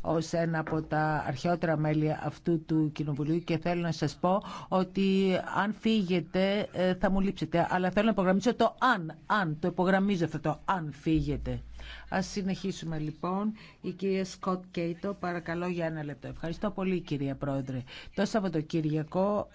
ως ένα από τα αρχαιότερα μέλη αυτού του Κοινοβουλίου και θέλω να σας πω ότι αν φύγετε ε, θα μου λείψετε. Αλλά θέλω να υπογραμμίσω το αν, αν, το υπογραμμίζω αυτό το αν φύγετε. Ας συνεχίσουμε λοιπόν. Η κυρία Σκοτ Κέιτο, παρακαλώ για ένα λεπτό. Ευχαριστώ πολύ κυρία Πρόεδρε. Το Σαββατοκύριακο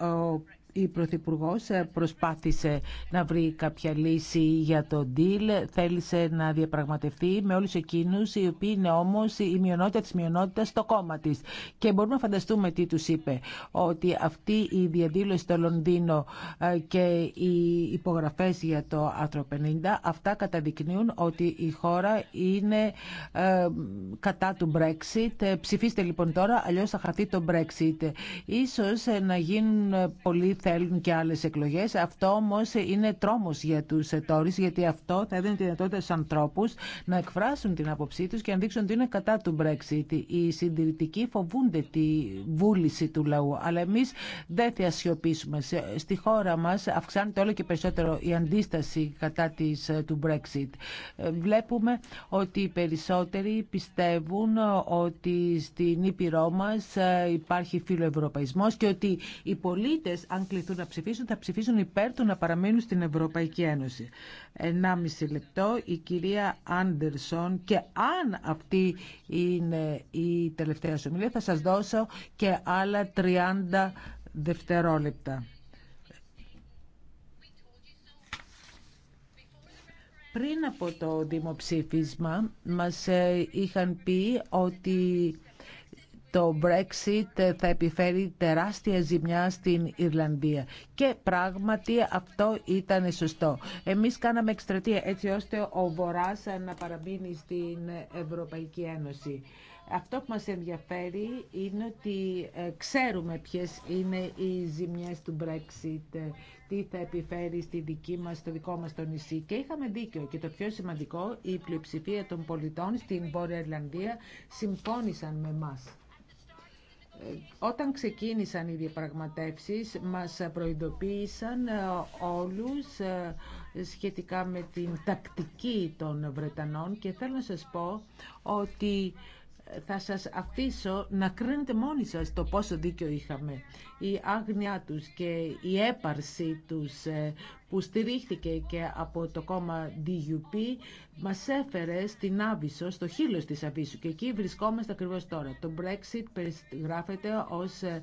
η Πρωθυπουργό ε, προσπάθησε να βρει κάποια λύση για το deal. Θέλησε να διαπραγματευτεί με όλους εκείνους οι οποίοι είναι όμως η μειονότητα της μειονότητας στο κόμμα της. Και μπορούμε να φανταστούμε τι τους είπε. Ότι αυτή η διαδήλωση στο Λονδίνο ε, και οι υπογραφές για το άρθρο 50 αυτά καταδεικνύουν ότι η χώρα είναι ε, κατά του Brexit. Ψηφίστε λοιπόν τώρα, αλλιώς θα χαθεί το Brexit. Ίσως να γίνουν πολλοί θέλουν και άλλες εκλογές. Αυτό όμως είναι τρόμος για τους τόρεις, γιατί αυτό θα έδινε τη δυνατότητα στους ανθρώπους να εκφράσουν την άποψή τους και να δείξουν ότι είναι κατά του Brexit. Οι συντηρητικοί φοβούνται τη βούληση του λαού, αλλά εμείς δεν θα σιωπήσουμε. Στη χώρα μας αυξάνεται όλο και περισσότερο η αντίσταση κατά της, του Brexit. Ε, βλέπουμε ότι οι περισσότεροι πιστεύουν ότι στην Ήπειρό μας ε, υπάρχει φιλοευρωπαϊσμός και ότι οι πολίτες, αν κληθούν θα ψηφίσουν υπέρ του να παραμείνουν στην Ευρωπαϊκή Ένωση. 1,5 λεπτό η κυρία Άντερσον και αν αυτή είναι η τελευταία σου θα σας δώσω και άλλα 30 δευτερόλεπτα. Πριν από το δημοψήφισμα μας ε, είχαν πει ότι το Brexit θα επιφέρει τεράστια ζημιά στην Ιρλανδία. Και πράγματι αυτό ήταν σωστό. Εμείς κάναμε εκστρατεία έτσι ώστε ο Βοράς να παραμείνει στην Ευρωπαϊκή Ένωση. Αυτό που μας ενδιαφέρει είναι ότι ε, ξέρουμε ποιες είναι οι ζημιές του Brexit, ε, τι θα επιφέρει στη δική μας, στο δικό μας το νησί. Και είχαμε δίκιο και το πιο σημαντικό, η πλειοψηφία των πολιτών στην Βόρεια Ιρλανδία συμφώνησαν με μας. Όταν ξεκίνησαν οι διαπραγματεύσεις μας προειδοποίησαν ε, όλους ε, σχετικά με την τακτική των Βρετανών και θέλω να σας πω ότι ε, θα σας αφήσω να κρίνετε μόνοι σας το πόσο δίκιο είχαμε. Η άγνοιά τους και η έπαρση τους που στηρίχθηκε και από το κόμμα DUP μας έφερε στην Άβυσσο, στο χείλος της Αβύσσου και εκεί βρισκόμαστε ακριβώς τώρα. Το Brexit περιγράφεται ως ε,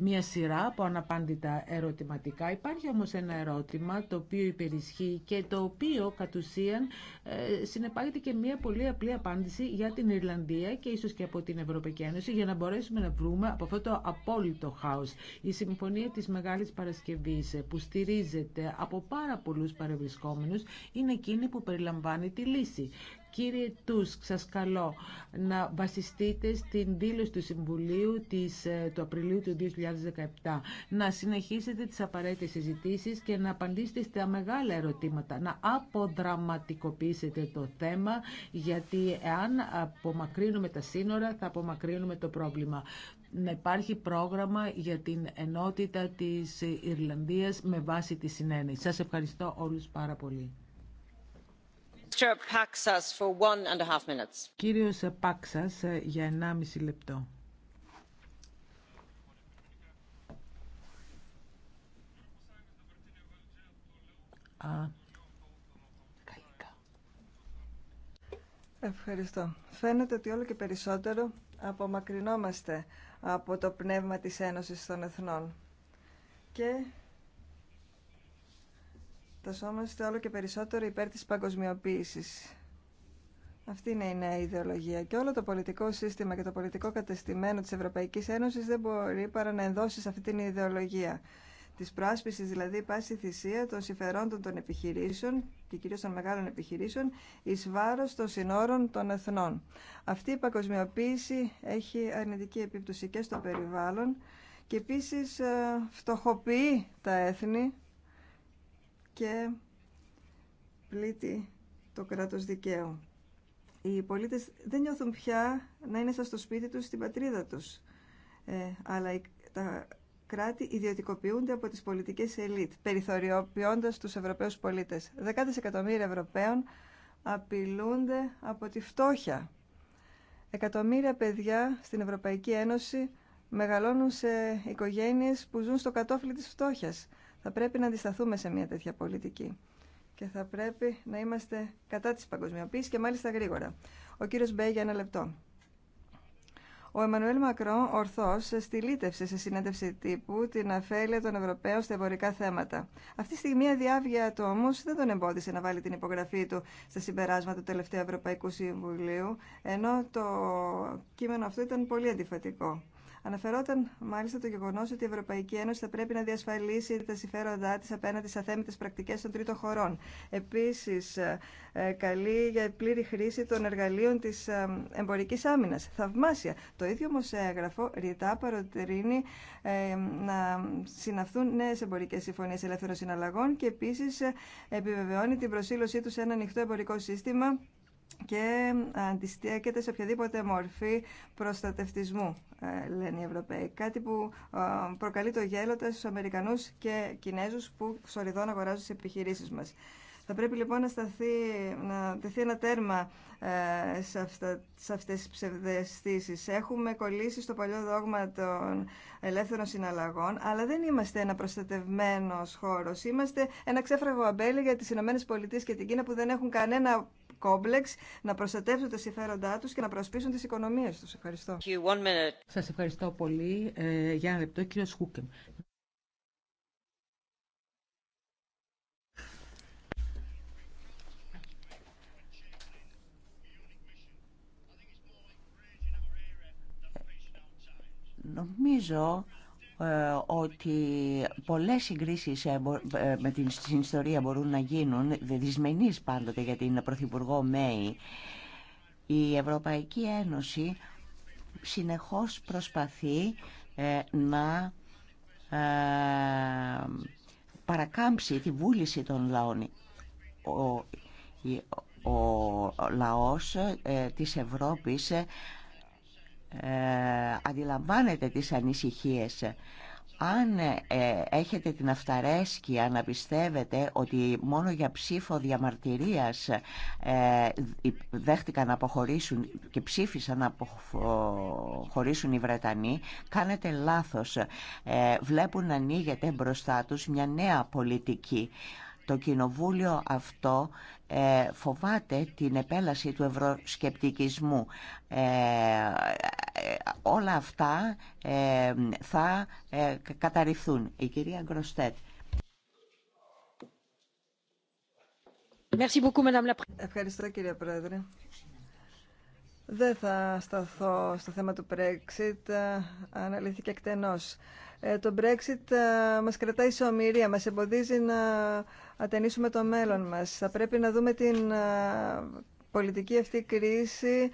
μια σειρά από αναπάντητα ερωτηματικά. Υπάρχει όμως ένα ερώτημα το οποίο υπερισχύει και το οποίο κατ' ουσίαν ε, συνεπάγεται και μια πολύ απλή απάντηση για την Ιρλανδία και ίσως και από την Ευρωπαϊκή Ένωση για να μπορέσουμε να βρούμε από αυτό το απόλυτο χάος. Η Συμφωνία της Μεγάλης Παρασκευής ε, που στηρίζεται από πάρα πολλούς παρευρισκόμενους είναι εκείνη που περιλαμβάνει τη λύση. Κύριε Τούσκ, σας καλώ να βασιστείτε στην δήλωση του Συμβουλίου της, ε, του Απριλίου του 2017, να συνεχίσετε τις απαραίτητες συζητήσεις και να απαντήσετε στα μεγάλα ερωτήματα, να αποδραματικοποιήσετε το θέμα, γιατί εάν απομακρύνουμε τα σύνορα θα απομακρύνουμε το πρόβλημα να υπάρχει πρόγραμμα για την ενότητα της Ιρλανδίας με βάση τη συνένεση. Σας ευχαριστώ όλους πάρα πολύ. Κύριος Πάξας ε, για 1,5 λεπτό. Ευχαριστώ. Φαίνεται ότι όλο και περισσότερο απομακρυνόμαστε από το πνεύμα της Ένωσης των Εθνών. Και τασόμαστε όλο και περισσότερο υπέρ της παγκοσμιοποίησης. Αυτή είναι η νέα ιδεολογία και όλο το πολιτικό σύστημα και το πολιτικό κατεστημένο της Ευρωπαϊκής Ένωσης δεν μπορεί παρά να ενδώσει σε αυτή την ιδεολογία. Τη πρόσπιση δηλαδή πάση θυσία των συμφερόντων των επιχειρήσεων και κυρίως των μεγάλων επιχειρήσεων ει βάρο των συνόρων των εθνών. Αυτή η παγκοσμιοποίηση έχει αρνητική επίπτωση και στο περιβάλλον και επίση ε, φτωχοποιεί τα έθνη και πλήττει το κράτος δικαίου. Οι πολίτες δεν νιώθουν πια να είναι σαν στο σπίτι τους, στην πατρίδα του. Ε, αλλά τα κράτη ιδιωτικοποιούνται από τις πολιτικές ελίτ, περιθωριοποιώντας τους Ευρωπαίους πολίτες. Δεκάδες εκατομμύρια Ευρωπαίων απειλούνται από τη φτώχεια. Εκατομμύρια παιδιά στην Ευρωπαϊκή Ένωση μεγαλώνουν σε οικογένειες που ζουν στο κατόφλι της φτώχειας. Θα πρέπει να αντισταθούμε σε μια τέτοια πολιτική και θα πρέπει να είμαστε κατά της παγκοσμιοποίησης και μάλιστα γρήγορα. Ο κύριος Μπέ για ένα λεπτό. Ο Εμμανουέλ Μακρόν ορθώ στηλίτευσε σε συνέντευξη τύπου την αφέλεια των Ευρωπαίων στα εμπορικά θέματα. Αυτή τη στιγμή η αδιάβια του όμω δεν τον εμπόδισε να βάλει την υπογραφή του στα συμπεράσματα του τελευταίου Ευρωπαϊκού Συμβουλίου, ενώ το κείμενο αυτό ήταν πολύ αντιφατικό. Αναφερόταν μάλιστα το γεγονό ότι η Ευρωπαϊκή Ένωση θα πρέπει να διασφαλίσει τα συμφέροντά τη απέναντι σε αθέμητε πρακτικέ των τρίτων χωρών. Επίση, ε, ε, καλεί για πλήρη χρήση των εργαλείων τη ε, εμπορική άμυνα. Θαυμάσια. Το ίδιο όμω έγγραφο ρητά παροτρύνει να συναυθούν νέε εμπορικέ συμφωνίε ελεύθερων συναλλαγών και επίση επιβεβαιώνει την προσήλωσή του σε ένα ανοιχτό εμπορικό σύστημα και αντιστέκεται σε οποιαδήποτε μορφή προστατευτισμού, ε, λένε οι Ευρωπαίοι. Κάτι που ε, προκαλεί το γέλο στους Αμερικανούς και Κινέζους που σοριδών αγοράζουν τι επιχειρήσεις μας. Θα πρέπει λοιπόν να, σταθεί, να τεθεί ένα τέρμα ε, σε, αυτά, σε αυτές τις ψευδεστήσεις. Έχουμε κολλήσει στο παλιό δόγμα των ελεύθερων συναλλαγών, αλλά δεν είμαστε ένα προστατευμένος χώρος. Είμαστε ένα ξέφραγο αμπέλι για τις Ηνωμένες Πολιτείες και την Κίνα που δεν έχουν κανένα κόμπλεξ, να προστατεύσουν τα συμφέροντά τους και να προσπίσουν τις οικονομίες τους. Ευχαριστώ. Σας ευχαριστώ πολύ. Ε, για ένα λεπτό, κύριο Χούκεμ. Ε, νομίζω ε, ότι πολλές συγκρίσεις ε, ε, με την ιστορία μπορούν να γίνουν, δυσμενείς πάντοτε για την Πρωθυπουργό Μέη. Η Ευρωπαϊκή Ένωση συνεχώς προσπαθεί να παρακάμψει τη βούληση των λαών. Ο λαός της Ευρώπης ε, αντιλαμβάνετε τις ανησυχίες. Αν ε, έχετε την αυταρέσκεια να πιστεύετε ότι μόνο για ψήφο διαμαρτυρίας ε, δέχτηκαν να αποχωρήσουν και ψήφισαν να αποχωρήσουν οι Βρετανοί, κάνετε λάθος. Ε, βλέπουν να ανοίγεται μπροστά τους μια νέα πολιτική. Το κοινοβούλιο αυτό ε, φοβάται την επέλαση του ευρωσκεπτικισμού. Ε, ε, όλα αυτά θα καταρριφθούν. Η κυρία Γκροστέτ. Ευχαριστώ κύριε Πρόεδρε. Δεν θα σταθώ στο θέμα του Brexit, αναλύθηκε εκτενώς. Ε, το Brexit ε, μας κρατάει σε ομοιρία, μας εμποδίζει να ατενίσουμε το μέλλον μας. Θα πρέπει να δούμε την ε, πολιτική αυτή κρίση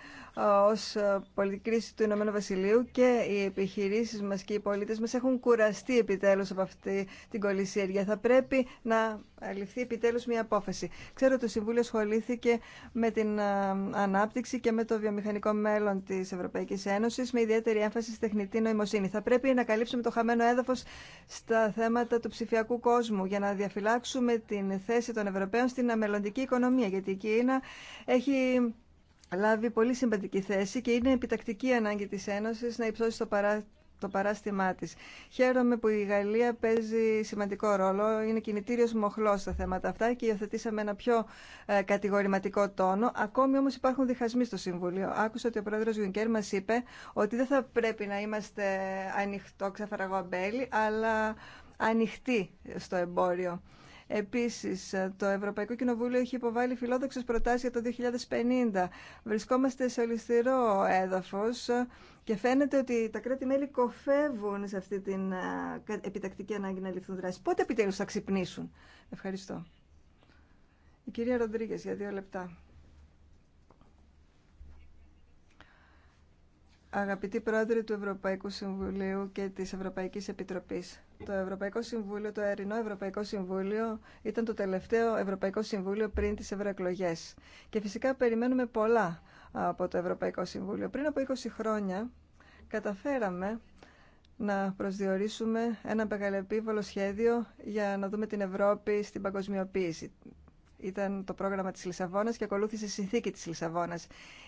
ως πολιτική κρίση του Ηνωμένου Βασιλείου και οι επιχειρήσεις μας και οι πολίτες μας έχουν κουραστεί επιτέλους από αυτή την κολυσίεργεια. Θα πρέπει να ληφθεί επιτέλους μια απόφαση. Ξέρω ότι το Συμβούλιο ασχολήθηκε με την ε, ανάπτυξη και με το βιομηχανικό μέλλον της Ευρωπαϊκής Ένωσης με ιδιαίτερη έμφαση στη τεχνητή νοημοσύνη. Θα πρέπει να καλύψουμε το χαμένο έδαφος στα θέματα του ψηφιακού κόσμου για να διαφυλάξουμε την θέση των Ευρωπαίων στην αμελλοντική οικονομία γιατί η Κίνα έχει λάβει πολύ σημαντική θέση και είναι επιτακτική ανάγκη της Ένωσης να υψώσει το παράδειγμα το παράστημά της. Χαίρομαι που η Γαλλία παίζει σημαντικό ρόλο, είναι κινητήριος μοχλός στα θέματα αυτά και υιοθετήσαμε ένα πιο ε, κατηγορηματικό τόνο. Ακόμη όμως υπάρχουν διχασμοί στο Συμβουλίο. Άκουσα ότι ο πρόεδρος Γιουνκέρ μας είπε ότι δεν θα πρέπει να είμαστε ανοιχτό ξαφαραγό αμπέλι, αλλά ανοιχτοί στο εμπόριο. Επίσης, το Ευρωπαϊκό Κοινοβούλιο έχει υποβάλει φιλόδοξε προτάσει για το 2050. Βρισκόμαστε σε ολισθηρό έδαφος και φαίνεται ότι τα κράτη-μέλη κοφεύουν σε αυτή την επιτακτική ανάγκη να ληφθούν δράσεις. Πότε επιτέλου θα ξυπνήσουν. Ευχαριστώ. Η κυρία Ροντρίγκε, για δύο λεπτά. Αγαπητή Πρόεδρε του Ευρωπαϊκού Συμβουλίου και της Ευρωπαϊκής Επιτροπής, το Ευρωπαϊκό Συμβούλιο, το Ερηνό Ευρωπαϊκό Συμβούλιο ήταν το τελευταίο Ευρωπαϊκό Συμβούλιο πριν τις ευρωεκλογέ. Και φυσικά περιμένουμε πολλά από το Ευρωπαϊκό Συμβούλιο. Πριν από 20 χρόνια καταφέραμε να προσδιορίσουμε ένα μεγαλεπίβολο σχέδιο για να δούμε την Ευρώπη στην παγκοσμιοποίηση ήταν το πρόγραμμα της Λισαβόνας και ακολούθησε η συνθήκη της Λισαβόνας.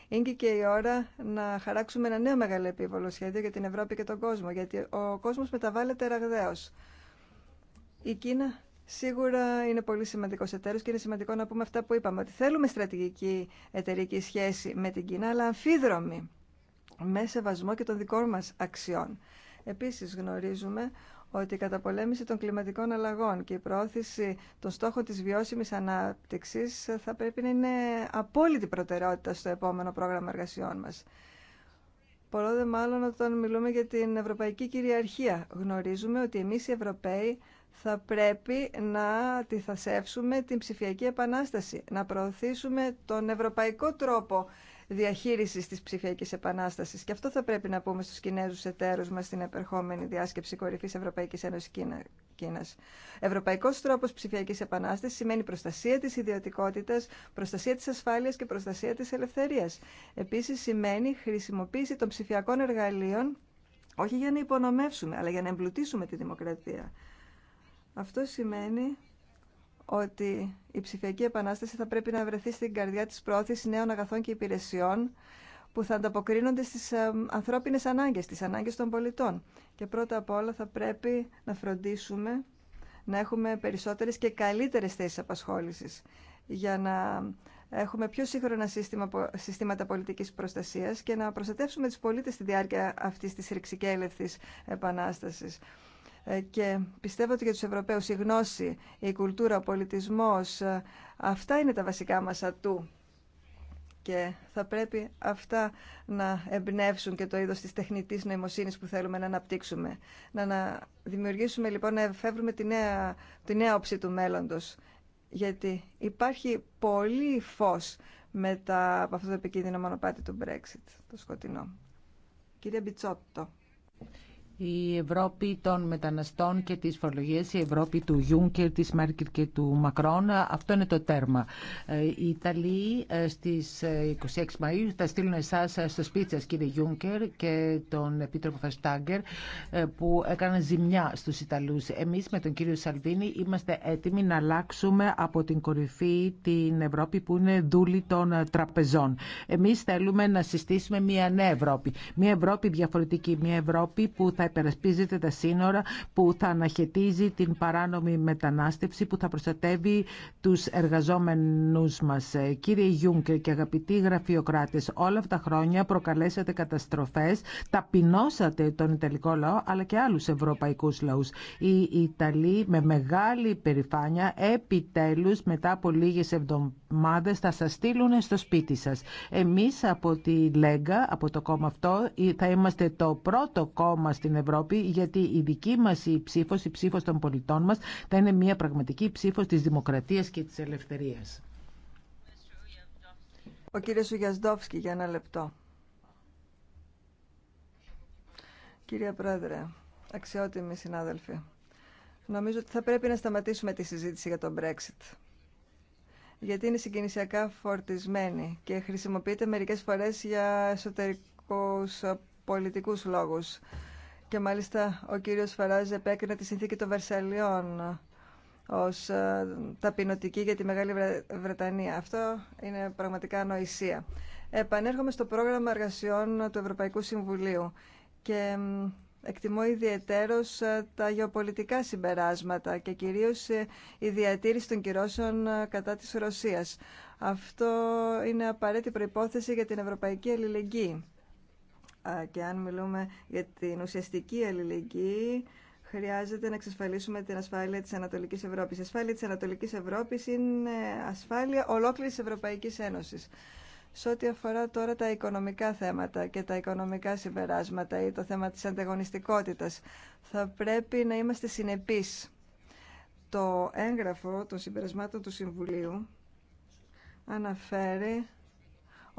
Είναι και η ώρα να χαράξουμε ένα νέο μεγάλο επίβολο σχέδιο για την Ευρώπη και τον κόσμο, γιατί ο κόσμος μεταβάλλεται ραγδαίως. Η Κίνα σίγουρα είναι πολύ σημαντικό εταίρο και είναι σημαντικό να πούμε αυτά που είπαμε, ότι θέλουμε στρατηγική εταιρική σχέση με την Κίνα, αλλά αμφίδρομη, με σεβασμό και των δικών μας αξιών. Επίσης γνωρίζουμε ότι η καταπολέμηση των κλιματικών αλλαγών και η προώθηση των στόχων της βιώσιμης ανάπτυξης θα πρέπει να είναι απόλυτη προτεραιότητα στο επόμενο πρόγραμμα εργασιών μας. Πολλό δε μάλλον όταν μιλούμε για την ευρωπαϊκή κυριαρχία. Γνωρίζουμε ότι εμείς οι Ευρωπαίοι θα πρέπει να τη την ψηφιακή επανάσταση, να προωθήσουμε τον ευρωπαϊκό τρόπο διαχείρισης της ψηφιακής επανάστασης. Και αυτό θα πρέπει να πούμε στους Κινέζους εταίρους μας στην επερχόμενη διάσκεψη κορυφής Ευρωπαϊκής Ένωσης Κίνα. Κίνας. Ευρωπαϊκός τρόπος ψηφιακής επανάστασης σημαίνει προστασία της ιδιωτικότητας, προστασία της ασφάλειας και προστασία της ελευθερίας. Επίσης σημαίνει χρησιμοποίηση των ψηφιακών εργαλείων όχι για να υπονομεύσουμε, αλλά για να εμπλουτίσουμε τη δημοκρατία. Αυτό σημαίνει ότι η ψηφιακή επανάσταση θα πρέπει να βρεθεί στην καρδιά της πρόθεσης νέων αγαθών και υπηρεσιών που θα ανταποκρίνονται στις ε, ανθρώπινες ανάγκες, στις ανάγκες των πολιτών. Και πρώτα απ' όλα θα πρέπει να φροντίσουμε να έχουμε περισσότερες και καλύτερες θέσεις απασχόλησης για να έχουμε πιο σύγχρονα σύστημα, συστήματα πολιτικής προστασίας και να προστατεύσουμε τους πολίτες στη διάρκεια αυτής της ρηξικέλευτης επανάστασης. Ε, και πιστεύω ότι για τους Ευρωπαίους η γνώση, η κουλτούρα, ο πολιτισμός, ε, αυτά είναι τα βασικά μας ατού. Και θα πρέπει αυτά να εμπνεύσουν και το είδος της τεχνητής νοημοσύνης που θέλουμε να αναπτύξουμε. Να, να δημιουργήσουμε λοιπόν, να εφεύρουμε τη νέα, τη νέα όψη του μέλλοντος. Γιατί υπάρχει πολύ φως μετά από αυτό το επικίνδυνο μονοπάτι του Brexit, το σκοτεινό. Κύριε Μπιτσότο η Ευρώπη των μεταναστών και τις φορολογίες, η Ευρώπη του Γιούνκερ, της Μέρκελ και του Μακρόν. Αυτό είναι το τέρμα. Ε, οι Ιταλοί ε, στις 26 ε, Μαΐου θα στείλουν εσά στο σπίτι σας κύριε Γιούνκερ και τον Επίτροπο Φαστάγκερ που έκαναν ζημιά στους Ιταλούς. Εμείς με τον κύριο Σαλβίνη είμαστε έτοιμοι να αλλάξουμε από την κορυφή την Ευρώπη που είναι δούλη των τραπεζών. Εμείς θέλουμε να συστήσουμε μια νέα Ευρώπη. Μια Ευρώπη διαφορετική. Μια Ευρώπη που υπερασπίζεται τα σύνορα, που θα αναχαιτίζει την παράνομη μετανάστευση, που θα προστατεύει τους εργαζόμενους μας. Ε, κύριε Γιούγκερ και αγαπητοί γραφειοκράτες, όλα αυτά τα χρόνια προκαλέσατε καταστροφές, ταπεινώσατε τον Ιταλικό λαό, αλλά και άλλους ευρωπαϊκούς λαούς. Οι Ιταλοί με μεγάλη περηφάνεια, επιτέλους μετά από λίγες εβδομάδες θα σας στείλουν στο σπίτι σας. Εμείς από τη Λέγκα, από το κόμμα αυτό, ε, θα είμαστε το πρώτο κόμμα στην Ευρώπη, γιατί η δική μας η ψήφος, η ψήφος των πολιτών μας, θα είναι μια πραγματική ψήφος της δημοκρατίας και της ελευθερίας. Ο κύριος Ουγιασδόφσκι για ένα λεπτό. Κύριε Πρόεδρε, αξιότιμοι συνάδελφοι, νομίζω ότι θα πρέπει να σταματήσουμε τη συζήτηση για τον Brexit. Γιατί είναι συγκινησιακά φορτισμένη και χρησιμοποιείται μερικές φορές για εσωτερικούς ε, πολιτικούς λόγους. Και μάλιστα ο κύριος Φαράζ επέκρινε τη συνθήκη των Βερσαλιών ως ε, ταπεινωτική για τη Μεγάλη Βρετανία. Αυτό είναι πραγματικά ανοησία. Επανέρχομαι στο πρόγραμμα εργασιών του Ευρωπαϊκού Συμβουλίου και εκτιμώ ιδιαιτέρως ε, τα γεωπολιτικά συμπεράσματα και κυρίως ε, η διατήρηση των κυρώσεων κατά της Ρωσίας. Αυτό είναι απαραίτητη προϋπόθεση για την Ευρωπαϊκή Αλληλεγγύη και αν μιλούμε για την ουσιαστική αλληλεγγύη, χρειάζεται να εξασφαλίσουμε την ασφάλεια της Ανατολικής Ευρώπης. Η ασφάλεια της Ανατολικής Ευρώπης είναι ασφάλεια ολόκληρης Ευρωπαϊκής Ένωσης. Σε ό,τι αφορά τώρα τα οικονομικά θέματα και τα οικονομικά συμπεράσματα ή το θέμα της ανταγωνιστικότητας, θα πρέπει να είμαστε συνεπείς. Το έγγραφο των συμπερασμάτων του Συμβουλίου αναφέρει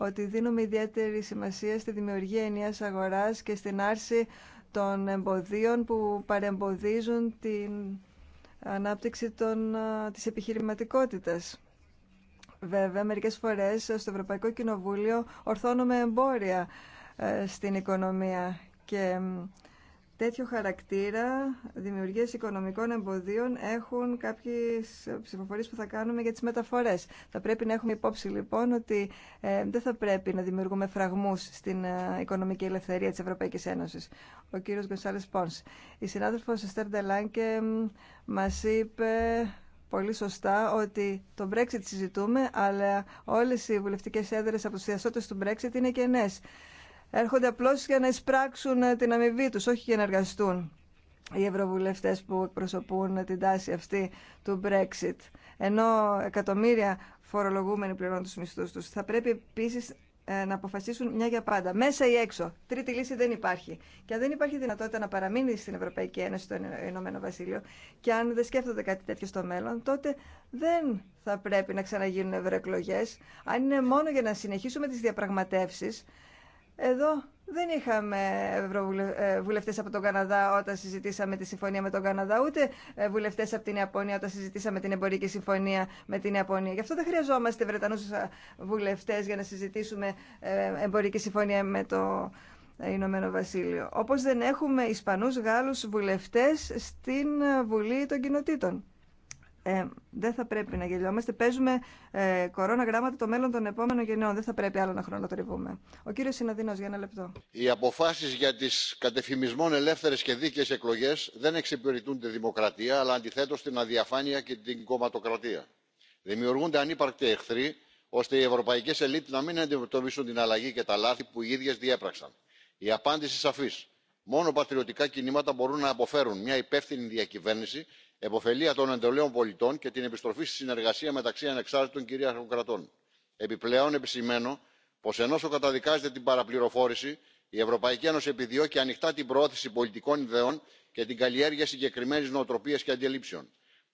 ότι δίνουμε ιδιαίτερη σημασία στη δημιουργία ενιαίας αγοράς και στην άρση των εμποδίων που παρεμποδίζουν την ανάπτυξη των, της επιχειρηματικότητας. Βέβαια, μερικές φορές ε, στο Ευρωπαϊκό Κοινοβούλιο ορθώνουμε εμπόρια ε, στην οικονομία και τέτοιο χαρακτήρα δημιουργία οικονομικών εμποδίων έχουν κάποιε ψηφοφορίες που θα κάνουμε για τις μεταφορές. Θα πρέπει να έχουμε υπόψη λοιπόν ότι ε, δεν θα πρέπει να δημιουργούμε φραγμούς στην ε, οικονομική ελευθερία της Ευρωπαϊκής Ένωσης. Ο κύριο Γκονσάλε Πόν. Η συνάδελφος Εστέρ Ντελάνκε μα είπε πολύ σωστά ότι το Brexit συζητούμε, αλλά όλες οι βουλευτικές έδρε από τους του Brexit είναι κενές έρχονται απλώ για να εισπράξουν ε, την αμοιβή του όχι για να εργαστούν οι ευρωβουλευτέ που εκπροσωπούν ε, την τάση αυτή του Brexit. Ενώ εκατομμύρια φορολογούμενοι πληρώνουν του μισθού του. Θα πρέπει επίση ε, να αποφασίσουν μια για πάντα, μέσα ή έξω. Τρίτη λύση δεν υπάρχει. Και αν δεν υπάρχει δυνατότητα να παραμείνει στην Ευρωπαϊκή Ένωση το Ηνωμένο Βασίλειο και αν δεν σκέφτονται κάτι τέτοιο στο μέλλον, τότε δεν θα πρέπει να ξαναγίνουν ευρωεκλογέ. Αν είναι μόνο για να συνεχίσουμε τι διαπραγματεύσει, εδώ δεν είχαμε ε, βουλευτές από τον Καναδά όταν συζητήσαμε τη συμφωνία με τον Καναδά, ούτε ε, βουλευτές από την Ιαπωνία όταν συζητήσαμε την εμπορική συμφωνία με την Ιαπωνία. Γι' αυτό δεν χρειαζόμαστε Βρετανούς ε, βουλευτές για να συζητήσουμε εμπορική συμφωνία με το Ηνωμένο Βασίλειο. Όπως δεν έχουμε Ισπανούς, Γάλλους βουλευτές στην Βουλή των Κοινοτήτων. Ε, δεν θα πρέπει να γελιόμαστε. Παίζουμε ε, κορώνα γράμματα το μέλλον των επόμενων γενναιών. Δεν θα πρέπει άλλο να χρονοτριβούμε. Ο κύριο Συναδίνο, για ένα λεπτό. Οι αποφάσει για τι κατεφημισμών ελεύθερε και δίκαιε εκλογέ δεν εξυπηρετούν τη δημοκρατία, αλλά αντιθέτω την αδιαφάνεια και την κομματοκρατία. Δημιουργούνται ανύπαρκτοι εχθροί, ώστε οι ευρωπαϊκέ ελίτ να μην αντιμετωπίσουν την αλλαγή και τα λάθη που οι ίδιε διέπραξαν. Η απάντηση σαφή. Μόνο πατριωτικά κινήματα μπορούν να αποφέρουν μια υπεύθυνη διακυβέρνηση εποφελία των εντολέων πολιτών και την επιστροφή στη συνεργασία μεταξύ ανεξάρτητων κυρίαρχων κρατών. επιπλέον επισημαίνω πω ενώ καταδικάζεται την παραπληροφόρηση η ευρωπαϊκή ένωση επιδιώκει ανοιχτά την προώθηση πολιτικών ιδεών και την καλλιέργεια συγκεκριμένη νοοτροπία και αντιλήψεων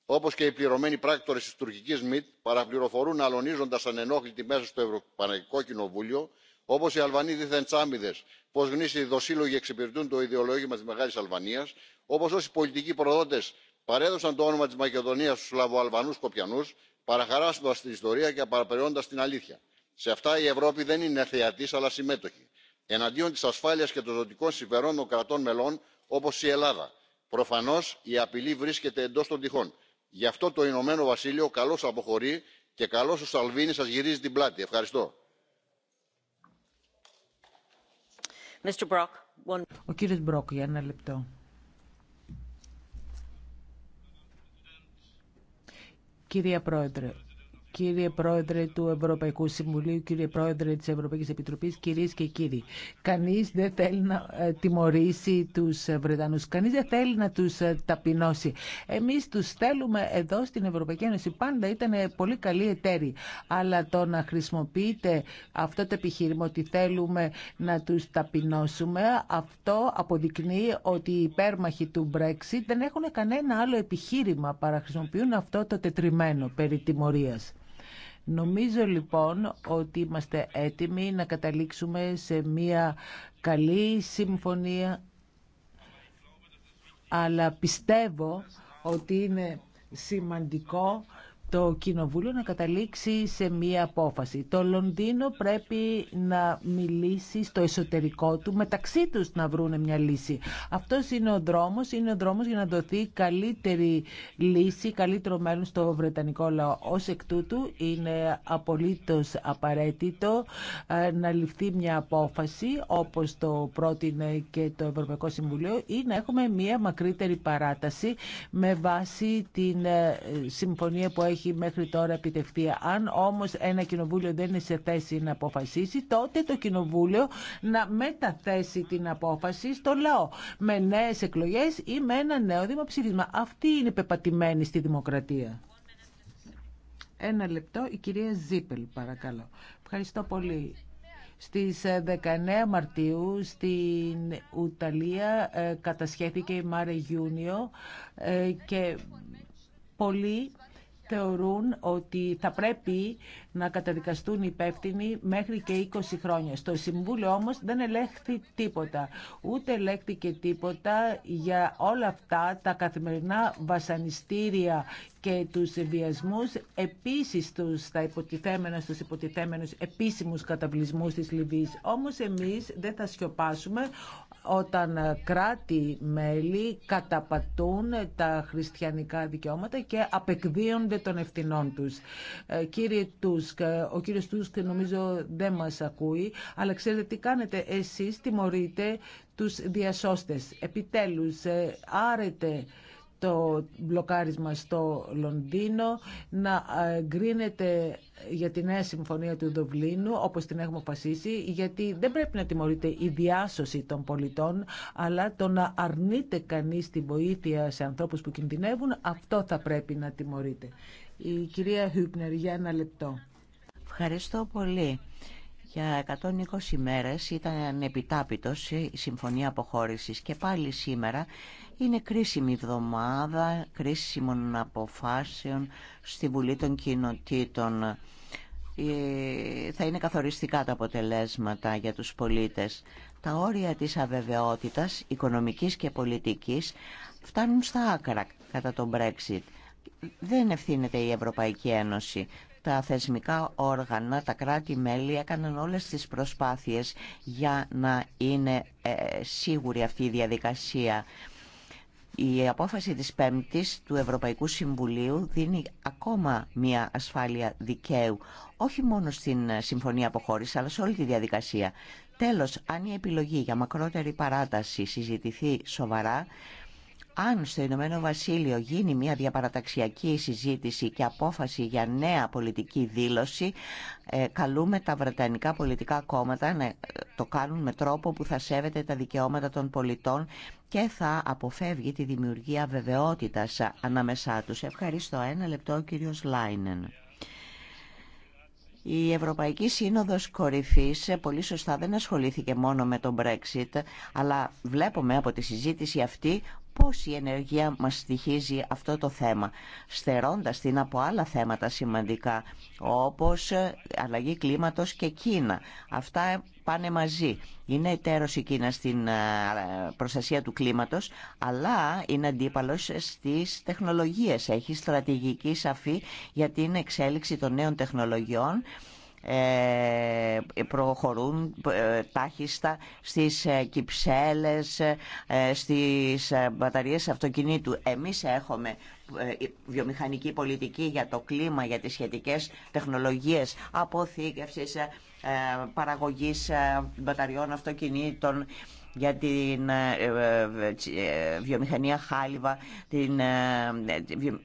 όπω και οι πληρωμένοι πράκτορε τη τουρκική μυτ παραπληροφορούν αλωνίζοντα ανενόχλητοι μέσα στο ευρωπαϊκό κοινοβούλιο όπω οι αλβανοί δίθεν τσάμιδε πω γνήσιοι δοσύλλογοι εξυπηρετούν το ιδεολόγημα τη μεγάλη αλβανία όπω όσοι πολιτικοί προδότε παρέδωσαν το όνομα της μακεδονίας στους σλαβοαλβανούς σκοπιανούς παραχαράσσοντας την ιστορία και παραπεραιώντας την αλήθεια. σε αυτά η ευρώπη δεν είναι θεατής αλλά συμμέτοχη εναντίον της ασφάλειας και των ζωτικών συμφερόντων των κρατών μελών όπως η ελλάδα. προφανώς η απειλή βρίσκεται εντός των τυχών. γι' αυτό το ηνωμένο βασίλειο καλώς αποχωρεί και καλώς ο σαλβίνη σας γυρίζει την πλάτη. ευχαριστώ. Κυρία Πρόεδρε, κύριε Πρόεδρε του Ευρωπαϊκού Συμβουλίου, κύριε Πρόεδρε της Ευρωπαϊκής Επιτροπής, κυρίες και κύριοι. Κανείς δεν θέλει να ε, τιμωρήσει τους ε, Βρετανούς, κανείς δεν θέλει να τους ε, ταπεινώσει. Εμείς τους θέλουμε εδώ στην Ευρωπαϊκή Ένωση. Πάντα ήταν πολύ καλοί εταίροι. Αλλά το να χρησιμοποιείτε αυτό το επιχείρημα ότι θέλουμε να τους ταπεινώσουμε, αυτό αποδεικνύει ότι οι υπέρμαχοι του Brexit δεν έχουν κανένα άλλο επιχείρημα παρά χρησιμοποιούν αυτό το τετριμένο περί τιμωρίας. Νομίζω λοιπόν ότι είμαστε έτοιμοι να καταλήξουμε σε μια καλή συμφωνία αλλά πιστεύω ότι είναι σημαντικό το Κοινοβούλιο να καταλήξει σε μία απόφαση. Το Λονδίνο πρέπει να μιλήσει στο εσωτερικό του, μεταξύ τους να βρουν μια λύση. Αυτός είναι ο δρόμος, είναι ο δρόμος για να δοθεί καλύτερη λύση, καλύτερο μέλλον στο Βρετανικό λαό. Ως εκ τούτου είναι απολύτως απαραίτητο ε, να ληφθεί μια απόφαση, όπως το πρότεινε και το Ευρωπαϊκό Συμβουλίο, ή να έχουμε μια μακρύτερη παράταση με βάση την ε, συμφωνία που έχει μέχρι τώρα επιτευχθεί. Αν όμως ένα κοινοβούλιο δεν είναι σε θέση να αποφασίσει, τότε το κοινοβούλιο να μεταθέσει την απόφαση στο λαό με νέες εκλογές ή με ένα νέο δημοψήφισμα. Αυτή είναι πεπατημένη στη δημοκρατία. Ένα λεπτό, η κυρία Ζίπελ, παρακαλώ. Ευχαριστώ πολύ στις 19 ε, Μαρτίου στην Ουταλία ε, κατασχέθηκε η Μάρε Γιούνιο και πολλοί θεωρούν ότι θα πρέπει να καταδικαστούν υπεύθυνοι μέχρι και 20 χρόνια. Στο Συμβούλιο όμως δεν ελέγχθη τίποτα. Ούτε ελέγχθηκε τίποτα για όλα αυτά τα καθημερινά βασανιστήρια και τους βιασμούς, επίσης τους, τα υποτιθέμενα στους υποτιθέμενους επίσημους καταβλισμούς της Λιβύης. Όμως εμείς δεν θα σιωπάσουμε όταν κράτη-μέλη καταπατούν τα χριστιανικά δικαιώματα και απεκδίονται των ευθυνών τους. Ε, κύριε Τούσκ, ε, ο κύριος Τούσκ νομίζω δεν μας ακούει, αλλά ξέρετε τι κάνετε, εσείς τιμωρείτε τους διασώστες. Επιτέλους, ε, άρετε το μπλοκάρισμα στο Λονδίνο, να γκρίνεται για τη νέα συμφωνία του Δοβλίνου, όπως την έχουμε αποφασίσει, γιατί δεν πρέπει να τιμωρείται η διάσωση των πολιτών, αλλά το να αρνείται κανείς τη βοήθεια σε ανθρώπους που κινδυνεύουν, αυτό θα πρέπει να τιμωρείται. Η κυρία Χιούπνερ για ένα λεπτό. Ευχαριστώ πολύ. Για 120 μέρες ήταν επιτάπητος η Συμφωνία Αποχώρησης και πάλι σήμερα είναι κρίσιμη εβδομάδα κρίσιμων αποφάσεων στη Βουλή των Κοινοτήτων. Ε, θα είναι καθοριστικά τα αποτελέσματα για τους πολίτες. Τα όρια της αβεβαιότητας, οικονομικής και πολιτικής, φτάνουν στα άκρα κατά τον Brexit. Δεν ευθύνεται η Ευρωπαϊκή Ένωση. Τα θεσμικά όργανα, τα κράτη-μέλη έκαναν όλες τις προσπάθειες για να είναι ε, σίγουρη αυτή η διαδικασία. Η απόφαση της Πέμπτης του Ευρωπαϊκού Συμβουλίου δίνει ακόμα μια ασφάλεια δικαίου, όχι μόνο στην ε, Συμφωνία Αποχώρησης, αλλά σε όλη τη διαδικασία. Τέλος, αν η επιλογή για μακρότερη παράταση συζητηθεί σοβαρά, αν στο Ηνωμένο Βασίλειο γίνει μια διαπαραταξιακή συζήτηση και απόφαση για νέα πολιτική δήλωση, ε, καλούμε τα βρετανικά πολιτικά κόμματα να ε, το κάνουν με τρόπο που θα σέβεται τα δικαιώματα των πολιτών και θα αποφεύγει τη δημιουργία βεβαιότητας ανάμεσά τους. Ευχαριστώ. Ένα λεπτό ο κύριος Λάινεν. Η Ευρωπαϊκή Σύνοδος Κορυφής ε, πολύ σωστά δεν ασχολήθηκε μόνο με τον Brexit, αλλά βλέπουμε από τη συζήτηση αυτή πώς η ενεργεία μας στοιχίζει αυτό το θέμα, στερώντας την από άλλα θέματα σημαντικά, όπως ε, αλλαγή κλίματος και Κίνα. Αυτά πάνε μαζί. Είναι εταίρος η Κίνα στην ε, προστασία του κλίματος, αλλά είναι αντίπαλος στις τεχνολογίες. Έχει στρατηγική σαφή για την εξέλιξη των νέων τεχνολογιών προχωρούν τάχιστα στις κυψέλες, στις μπαταρίες αυτοκινήτου. Εμείς έχουμε βιομηχανική πολιτική για το κλίμα, για τις σχετικές τεχνολογίες αποθήκευσης, παραγωγής μπαταριών αυτοκινήτων, για την βιομηχανία χάλιβα, την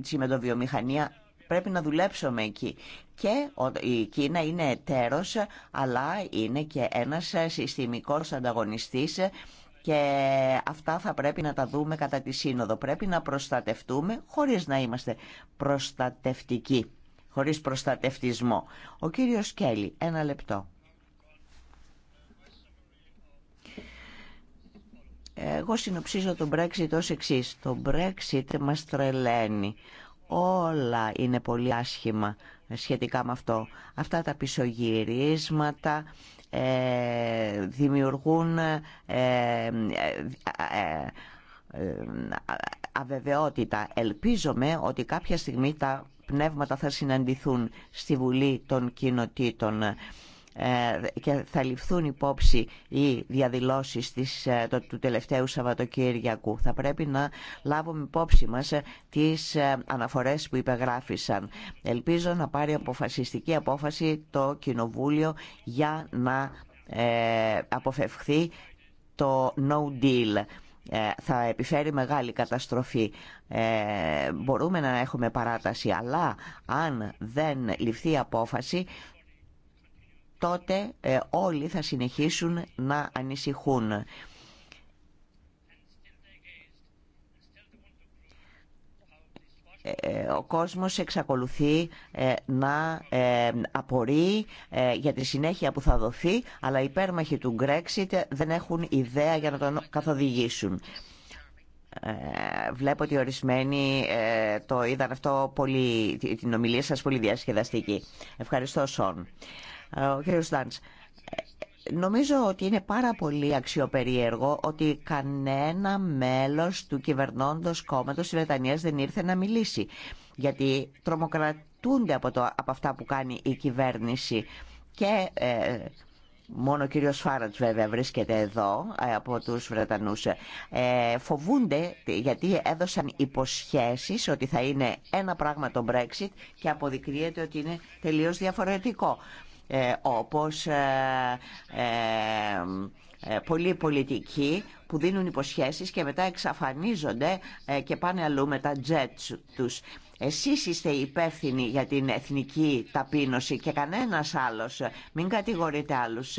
τσιμεντοβιομηχανία. Πρέπει να δουλέψουμε εκεί και η Κίνα είναι τέρος αλλά είναι και ένας συστημικός ανταγωνιστής και αυτά θα πρέπει να τα δούμε κατά τη σύνοδο. Πρέπει να προστατευτούμε χωρίς να είμαστε προστατευτικοί, χωρίς προστατευτισμό. Ο κύριος Κέλλη, ένα λεπτό. Εγώ συνοψίζω τον Brexit ως εξή. Το Brexit μας τρελαίνει. Όλα είναι πολύ άσχημα σχετικά με αυτό. Αυτά τα πισωγυρίσματα ε, δημιουργούν ε, ε, αβεβαιότητα. Ελπίζομαι ότι κάποια στιγμή τα πνεύματα θα συναντηθούν στη Βουλή των Κοινοτήτων. Ε, και θα ληφθούν υπόψη οι διαδηλώσεις της, ε, του τελευταίου Σαββατοκύριακου. Θα πρέπει να λάβουμε υπόψη μας ε, τις αναφορές που υπεγράφησαν. Ελπίζω να πάρει αποφασιστική απόφαση το Κοινοβούλιο για να ε, αποφευχθεί το no deal θα επιφέρει μεγάλη καταστροφή. Ε, μπορούμε να έχουμε παράταση, αλλά αν δεν ληφθεί απόφαση, τότε ε, όλοι θα συνεχίσουν να ανησυχούν. Ε, ε, ο κόσμος εξακολουθεί να απορεί για τη συνέχεια που θα δοθεί, αλλά οι υπέρμαχοι του Brexit δεν έχουν ιδέα για να τον καθοδηγήσουν. βλέπω ότι ορισμένοι το είδαν αυτό πολύ, την ομιλία σας πολύ διασκεδαστική. Ευχαριστώ Σον. Ε, ο κ. Ε, νομίζω ότι είναι πάρα πολύ αξιοπερίεργο ότι κανένα μέλος του κυβερνώντος κόμματος της Βρετανίας δεν ήρθε να μιλήσει. Γιατί τρομοκρατούνται από, το, από αυτά που κάνει η κυβέρνηση. Και ε, μόνο ο κύριος Φάρατς βέβαια βρίσκεται εδώ από τους Βρετανούς. φοβούνται γιατί έδωσαν υποσχέσεις ότι θα είναι ένα πράγμα το Brexit και αποδεικνύεται ότι είναι τελείως διαφορετικό. Ε, όπως ε, ε, πολλοί πολιτικοί που δίνουν υποσχέσεις και μετά εξαφανίζονται και πάνε αλλού με τα τζέτ τους. Εσείς είστε υπεύθυνοι για την εθνική ταπείνωση και κανένας άλλος. Μην κατηγορείτε άλλους.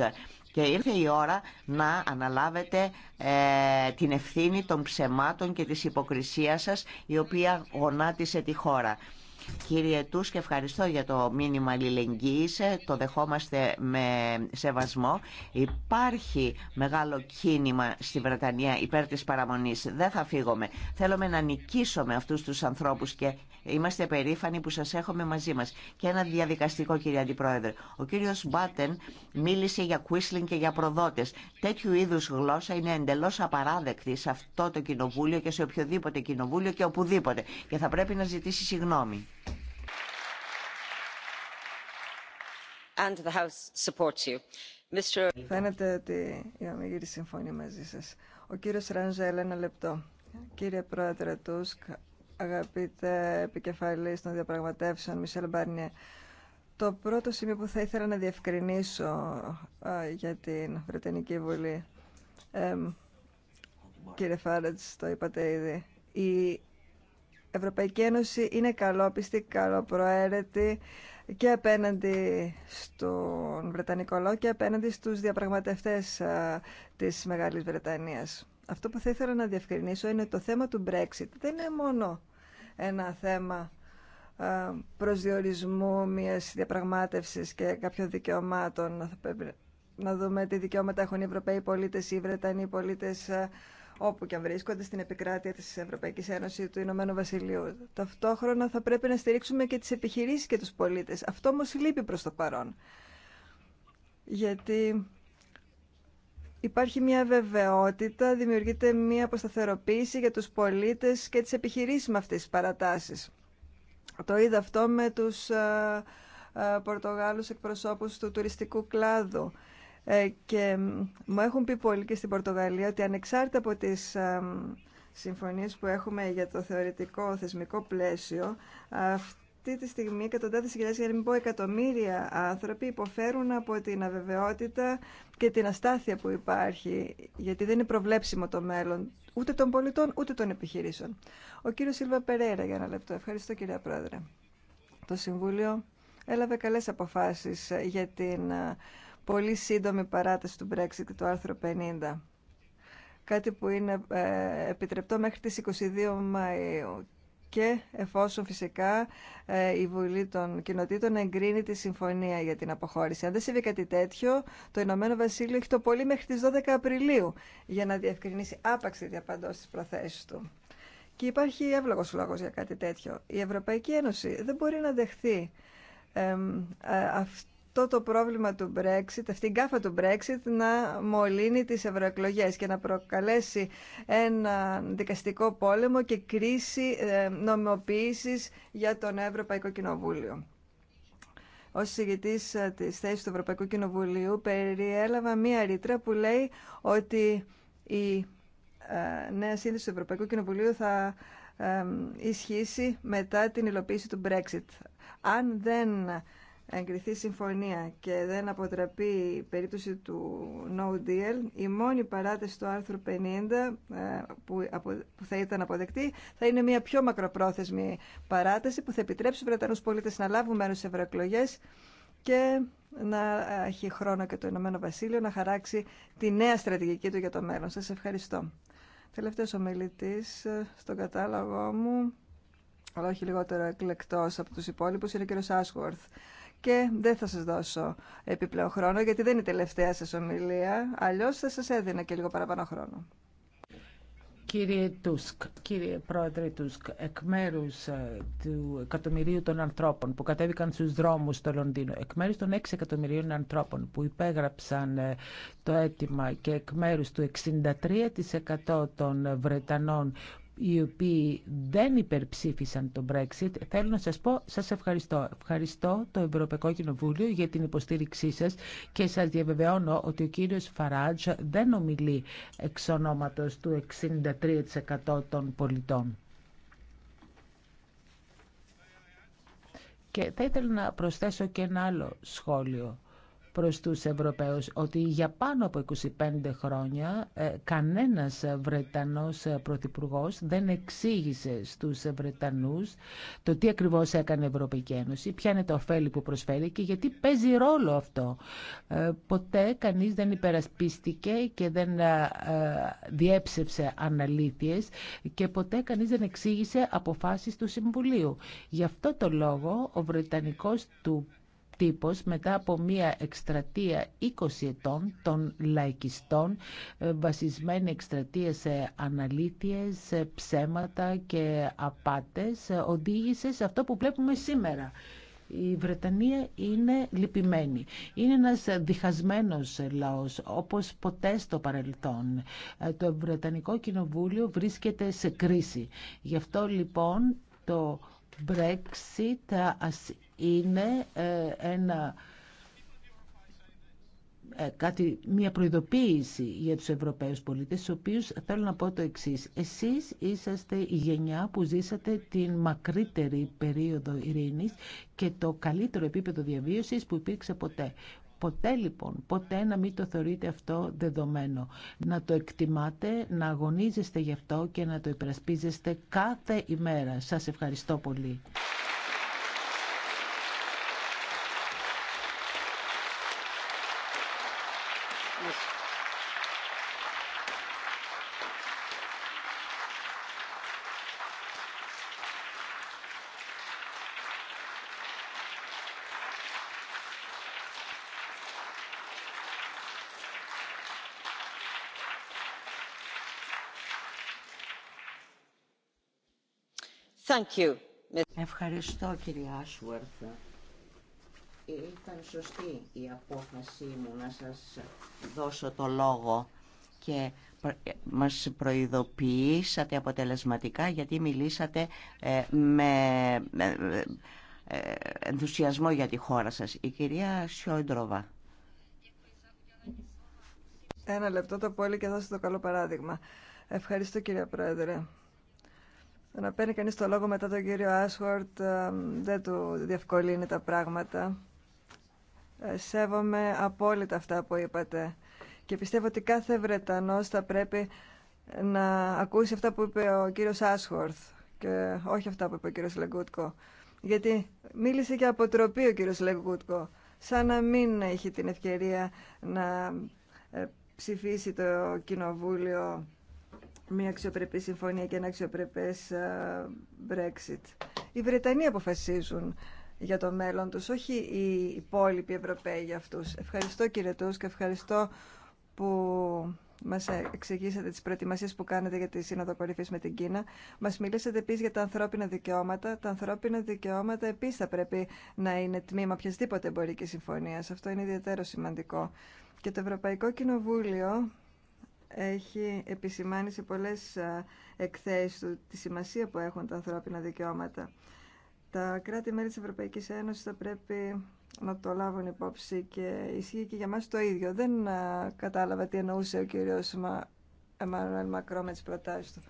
Και ήρθε η ώρα να αναλάβετε την ευθύνη των ψεμάτων και της υποκρισίας σας η οποία γονάτισε τη χώρα. Κύριε Τούς, και ευχαριστώ για το μήνυμα αλληλεγγύης, το δεχόμαστε με σεβασμό. Υπάρχει μεγάλο κίνημα στη Βρετανία υπέρ της παραμονής. Δεν θα φύγουμε. Θέλουμε να νικήσουμε αυτούς τους ανθρώπους και είμαστε περήφανοι που σας έχουμε μαζί μας. Και ένα διαδικαστικό, κύριε Αντιπρόεδρε. Ο κύριος Μπάτεν μίλησε για κουίσλινγκ και για προδότες. Τέτοιου είδους γλώσσα είναι εντελώς απαράδεκτη σε αυτό το κοινοβούλιο και σε οποιοδήποτε κοινοβούλιο και οπουδήποτε. Και θα πρέπει να ζητήσει συγγνώμη. and the House supports you. Φαίνεται ότι η Ομίγυρη συμφωνεί μαζί σας. Ο κύριος Ρανζέλ, ένα λεπτό. Κύριε Πρόεδρε Τούσκ, αγαπητέ επικεφαλής των διαπραγματεύσεων, Μισελ Μπαρνιέ, το πρώτο σημείο που θα ήθελα να διευκρινίσω ε, για την Βρετανική Βουλή, ε, κύριε Φάρετς, το είπατε ήδη, Ευρωπαϊκή Ένωση είναι καλόπιστη, καλοπροαίρετη και απέναντι στον Βρετανικό λαό και απέναντι στους διαπραγματευτές της Μεγάλης Βρετανίας. Αυτό που θα ήθελα να διευκρινίσω είναι το θέμα του Brexit. Δεν είναι μόνο ένα θέμα προσδιορισμού μιας διαπραγμάτευσης και κάποιων δικαιωμάτων. να δούμε τι δικαιώματα έχουν οι Ευρωπαίοι πολίτες, οι Βρετανοί πολίτες, όπου και αν βρίσκονται στην επικράτεια της Ευρωπαϊκής Ένωσης του Ηνωμένου Βασιλείου. Ταυτόχρονα θα πρέπει να στηρίξουμε και τις επιχειρήσεις και τους πολίτες. Αυτό όμω λείπει προς το παρόν. Γιατί υπάρχει μια βεβαιότητα, δημιουργείται μια αποσταθεροποίηση για τους πολίτες και τις επιχειρήσεις με αυτές τις παρατάσεις. Το είδα αυτό με τους ε, ε, Πορτογάλους εκπροσώπους του τουριστικού κλάδου ε, και μου έχουν πει πολλοί και στην Πορτογαλία ότι ανεξάρτητα από τις ε, συμφωνίες που έχουμε για το θεωρητικό θεσμικό πλαίσιο, αυτή τη στιγμή εκατοντάδες χιλιάδες, για να μην πω εκατομμύρια άνθρωποι υποφέρουν από την αβεβαιότητα και την αστάθεια που υπάρχει, γιατί δεν είναι προβλέψιμο το μέλλον ούτε των πολιτών ούτε των επιχειρήσεων. Ο κύριος Σίλβα Περέρα για ένα λεπτό. Ευχαριστώ κύριε Πρόεδρε. Το Συμβούλιο έλαβε καλές αποφάσεις ε, για την πολύ σύντομη παράταση του Brexit και του άρθρου 50. Κάτι που είναι ε, επιτρεπτό μέχρι τις 22 Μαΐου και εφόσον φυσικά ε, η Βουλή των Κοινοτήτων εγκρίνει τη συμφωνία για την αποχώρηση. Αν δεν συμβεί κάτι τέτοιο, το Ηνωμένο Βασίλειο έχει το πολύ μέχρι τις 12 Απριλίου για να διευκρινίσει άπαξη διαπαντός στις προθέσεις του. Και υπάρχει εύλογος λόγος για κάτι τέτοιο. Η Ευρωπαϊκή Ένωση δεν μπορεί να δεχθεί ε, αυτή αυτό το πρόβλημα του Brexit, αυτή η γκάφα του Brexit να μολύνει τις ευρωεκλογέ και να προκαλέσει ένα δικαστικό πόλεμο και κρίση ε, νομιμοποίησης για τον Ευρωπαϊκό Κοινοβούλιο. Ως συγητής ε, της θέσης του Ευρωπαϊκού Κοινοβουλίου περιέλαβα μία ρήτρα που λέει ότι η ε, νέα σύνδεση του Ευρωπαϊκού Κοινοβουλίου θα ισχύσει μετά την υλοποίηση του Brexit. Αν δεν εγκριθεί συμφωνία και δεν αποτραπεί η περίπτωση του no deal, η μόνη παράταση του άρθρου 50 ε, που θα ήταν αποδεκτή θα είναι μια πιο μακροπρόθεσμη παράταση που θα επιτρέψει Βρετανούς πολίτες να λάβουν μέρος σε ευρωεκλογέ και να έχει χρόνο και το Ηνωμένο Βασίλειο να χαράξει τη νέα στρατηγική του για το μέλλον. Σας ευχαριστώ. Τελευταίος ομιλητής ε, στον κατάλογο μου, αλλά όχι λιγότερο εκλεκτός από τους υπόλοιπους, είναι ο κύριο Άσχορθ και δεν θα σας δώσω επιπλέον χρόνο γιατί δεν είναι η τελευταία σας ομιλία, αλλιώς θα σας έδινα και λίγο παραπάνω χρόνο. Κύριε Τούσκ, κύριε Πρόεδρε Τούσκ, εκ μέρου ε, του εκατομμυρίου των ανθρώπων που κατέβηκαν στους δρόμους στο Λονδίνο, εκ μέρου των 6 εκατομμυρίων ανθρώπων που υπέγραψαν ε, το αίτημα και εκ μέρου του 63% των Βρετανών οι οποίοι δεν υπερψήφισαν το Brexit, θέλω να σας πω, σας ευχαριστώ. Ευχαριστώ το Ευρωπαϊκό Κοινοβούλιο για την υποστήριξή σας και σας διαβεβαιώνω ότι ο κύριος Φαράτζ δεν ομιλεί εξ ονόματος του 63% των πολιτών. Και θα ήθελα να προσθέσω και ένα άλλο σχόλιο προς τους Ευρωπαίους ότι για πάνω από 25 χρόνια ε, κανένας Βρετανός Πρωθυπουργό δεν εξήγησε στους Βρετανούς το τι ακριβώς έκανε η Ευρωπαϊκή Ένωση, ποια είναι τα ωφέλη που προσφέρει και γιατί παίζει ρόλο αυτό. Ε, ποτέ κανείς δεν υπερασπίστηκε και δεν ε, διέψευσε αναλήθειες και ποτέ κανείς δεν εξήγησε αποφάσεις του Συμβουλίου. Γι' αυτό το λόγο ο Βρετανικός του τύπος μετά από μια εκστρατεία 20 ετών των λαϊκιστών ε, βασισμένη εκστρατεία σε αναλήθειες, ψέματα και απάτες ε, οδήγησε σε αυτό που βλέπουμε σήμερα. Η Βρετανία είναι λυπημένη. Είναι ένας διχασμένος λαός, όπως ποτέ στο παρελθόν. Ε, το Βρετανικό Κοινοβούλιο βρίσκεται σε κρίση. Γι' αυτό λοιπόν το Brexit ας είναι ε, ένα ε, κάτι, μια προειδοποίηση για τους Ευρωπαίους πολίτες, στους οποίους θέλω να πω το εξής. Εσείς είσαστε η γενιά που ζήσατε την μακρύτερη περίοδο ειρήνης και το καλύτερο επίπεδο διαβίωσης που υπήρξε ποτέ. Ποτέ λοιπόν, ποτέ να μην το θεωρείτε αυτό δεδομένο. Να το εκτιμάτε, να αγωνίζεστε γι' αυτό και να το υπερασπίζεστε κάθε ημέρα. Σας ευχαριστώ πολύ. Ευχαριστώ κύριε Άσουερθ. Ε, ήταν σωστή η απόφασή μου να σας δώσω το λόγο και ε, μας προειδοποιήσατε αποτελεσματικά γιατί μιλήσατε ε, με ενθουσιασμό για τη χώρα σας. Η κυρία Σιόντροβα. Ένα λεπτό το πόλι και δώστε το καλό παράδειγμα. Ευχαριστώ κύριε Πρόεδρε. Το να παίρνει κανείς το λόγο μετά τον κύριο Άσχορτ ε, δεν του διευκολύνει τα πράγματα. Ε, σέβομαι απόλυτα αυτά που είπατε και πιστεύω ότι κάθε Βρετανός θα πρέπει να ακούσει αυτά που είπε ο κύριος Άσχορτ και όχι αυτά που είπε ο κύριος Λεγκούτκο. Γιατί μίλησε και αποτροπή ο κύριος Λεγκούτκο, σαν να μην έχει την ευκαιρία να ε, ψηφίσει το κοινοβούλιο μια αξιοπρεπή συμφωνία και ένα αξιοπρεπές ε, Brexit. Οι Βρετανοί αποφασίζουν για το μέλλον τους, όχι οι υπόλοιποι Ευρωπαίοι για αυτούς. Ευχαριστώ κύριε Τούς και ευχαριστώ που μας εξηγήσατε τις προετοιμασίες που κάνετε για τη Σύνοδο Κορυφής με την Κίνα. Μας μιλήσατε επίσης για τα ανθρώπινα δικαιώματα. Τα ανθρώπινα δικαιώματα επίσης θα πρέπει να είναι τμήμα οποιασδήποτε εμπορική συμφωνίας. Αυτό είναι ιδιαίτερο σημαντικό. Και το Ευρωπαϊκό Κοινοβούλιο έχει επισημάνει σε πολλές εκθέσεις του τη σημασία που έχουν τα ανθρώπινα δικαιώματα. Τα κράτη-μέλη της Ευρωπαϊκής Ένωσης θα πρέπει να το λάβουν υπόψη και ισχύει και για μας το ίδιο. Δεν κατάλαβα τι εννοούσε ο κύριος Εμμανουέλ Μακρό με τις προτάσεις του.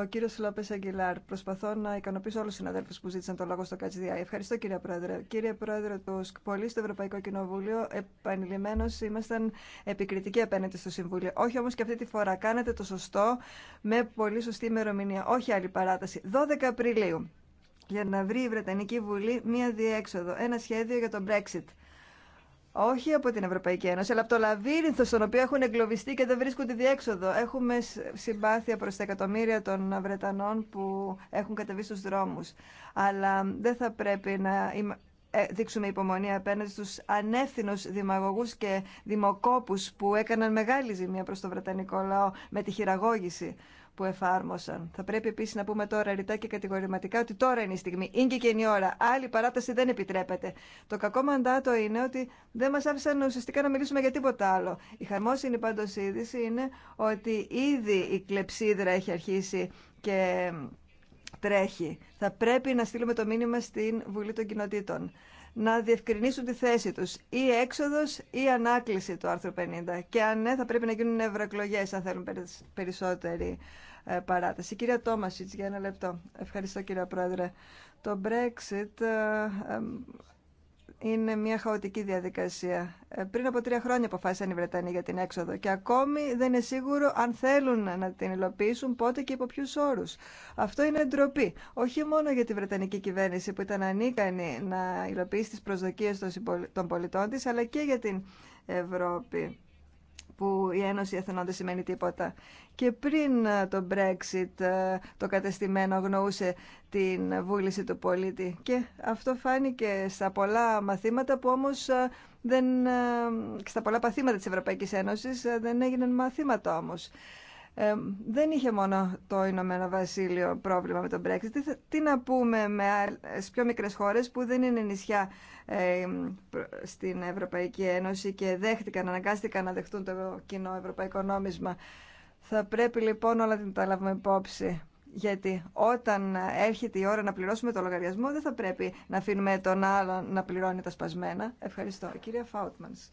Ο κύριο Λόπε Αγγιλάρ, προσπαθώ να ικανοποιήσω όλου του συναδέλφου που ζήτησαν το λόγο στο ΚΑΤΣΔΙΑ. Ευχαριστώ, κύριε Πρόεδρε. Κύριε Πρόεδρε του ΣΚΠΟΛΗ στο Ευρωπαϊκό Κοινοβούλιο επανειλημμένω ήμασταν επικριτικοί απέναντι στο Συμβούλιο. Όχι όμω και αυτή τη φορά. Κάνετε το σωστό με πολύ σωστή ημερομηνία. Όχι άλλη παράταση. 12 Απριλίου για να βρει η Βρετανική Βουλή μία διέξοδο, ένα σχέδιο για το Brexit όχι από την Ευρωπαϊκή Ένωση, αλλά από το λαβύρινθο στον οποίο έχουν εγκλωβιστεί και δεν βρίσκουν τη διέξοδο. Έχουμε συμπάθεια προς τα εκατομμύρια των Βρετανών που έχουν κατεβεί στους δρόμους. Αλλά δεν θα πρέπει να ε, δείξουμε υπομονή απέναντι στους ανεύθυνους δημαγωγούς και δημοκόπους που έκαναν μεγάλη ζημία προς το Βρετανικό λαό με τη χειραγώγηση που εφάρμοσαν. Θα πρέπει επίση να πούμε τώρα ρητά και κατηγορηματικά ότι τώρα είναι η στιγμή. Είναι και είναι η ώρα. Άλλη παράταση δεν επιτρέπεται. Το κακό μαντάτο είναι ότι δεν μα άφησαν ουσιαστικά να μιλήσουμε για τίποτα άλλο. Η χαρμόσυνη πάντω είδηση είναι ότι ήδη η κλεψίδρα έχει αρχίσει και τρέχει. Θα πρέπει να στείλουμε το μήνυμα στην Βουλή των Κοινοτήτων να διευκρινίσουν τη θέση τους ή έξοδος ή ανάκληση του άρθρου 50. Και αν ναι, θα πρέπει να γίνουν ευρωεκλογέ αν θέλουν περισσότερη ε, παράταση. Η κυρία Τόμασιτς, για ένα λεπτό. Ευχαριστώ κύριε Πρόεδρε. Το Brexit ε, ε, είναι μια χαοτική διαδικασία. Ε, πριν από τρία χρόνια αποφάσισαν οι Βρετανοί για την έξοδο και ακόμη δεν είναι σίγουρο αν θέλουν να την υλοποιήσουν πότε και υπό ποιου όρου. Αυτό είναι ντροπή. Όχι μόνο για τη Βρετανική κυβέρνηση που ήταν ανίκανη να υλοποιήσει τι προσδοκίε των πολιτών τη, αλλά και για την Ευρώπη που η Ένωση Εθνών δεν σημαίνει τίποτα. Και πριν ε, το Brexit ε, το κατεστημένο γνωούσε την βούληση του πολίτη. Και αυτό φάνηκε στα πολλά μαθήματα που όμως ε, δεν, στα πολλά παθήματα της Ευρωπαϊκής Ένωσης δεν έγιναν μαθήματα όμως δεν είχε μόνο το Ηνωμένο Βασίλειο πρόβλημα με τον Brexit. Τι, να πούμε με άλλες πιο μικρές χώρες που δεν είναι νησιά στην Ευρωπαϊκή Ένωση και δέχτηκαν, αναγκάστηκαν να δεχτούν το κοινό ευρωπαϊκό νόμισμα. Θα πρέπει λοιπόν όλα να τα λάβουμε υπόψη. Γιατί όταν έρχεται η ώρα να πληρώσουμε το λογαριασμό, δεν θα πρέπει να αφήνουμε τον άλλον να πληρώνει τα σπασμένα. Ευχαριστώ. Κυρία Φάουτμανς.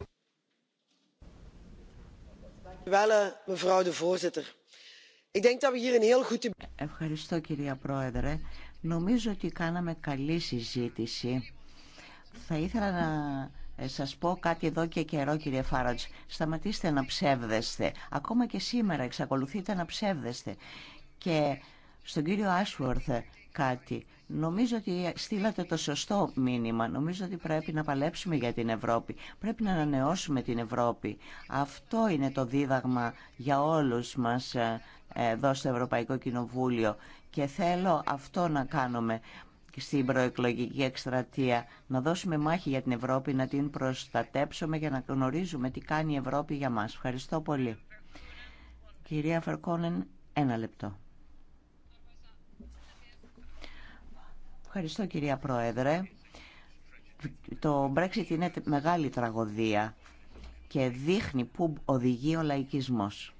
Ευχαριστώ κυρία Πρόεδρε. Νομίζω ότι κάναμε καλή συζήτηση. Θα ήθελα να ε, σας πω κάτι εδώ και καιρό κύριε Φάρατζ. Σταματήστε να ψεύδεστε. Ακόμα και σήμερα εξακολουθείτε να ψεύδεστε. Και στον κύριο Άσουορθ ε, κάτι. Νομίζω ότι στείλατε το σωστό μήνυμα. Νομίζω ότι πρέπει να παλέψουμε για την Ευρώπη. Πρέπει να ανανεώσουμε την Ευρώπη. Αυτό είναι το δίδαγμα για όλους μας ε, εδώ στο Ευρωπαϊκό Κοινοβούλιο. Και θέλω αυτό να κάνουμε στην προεκλογική εκστρατεία. Να δώσουμε μάχη για την Ευρώπη, να την προστατέψουμε για να γνωρίζουμε τι κάνει η Ευρώπη για μας. Ευχαριστώ πολύ. Κυρία Φερκόνεν, ένα λεπτό. Ευχαριστώ κυρία Πρόεδρε. Το Brexit είναι μεγάλη τραγωδία και δείχνει πού οδηγεί ο λαϊκισμός.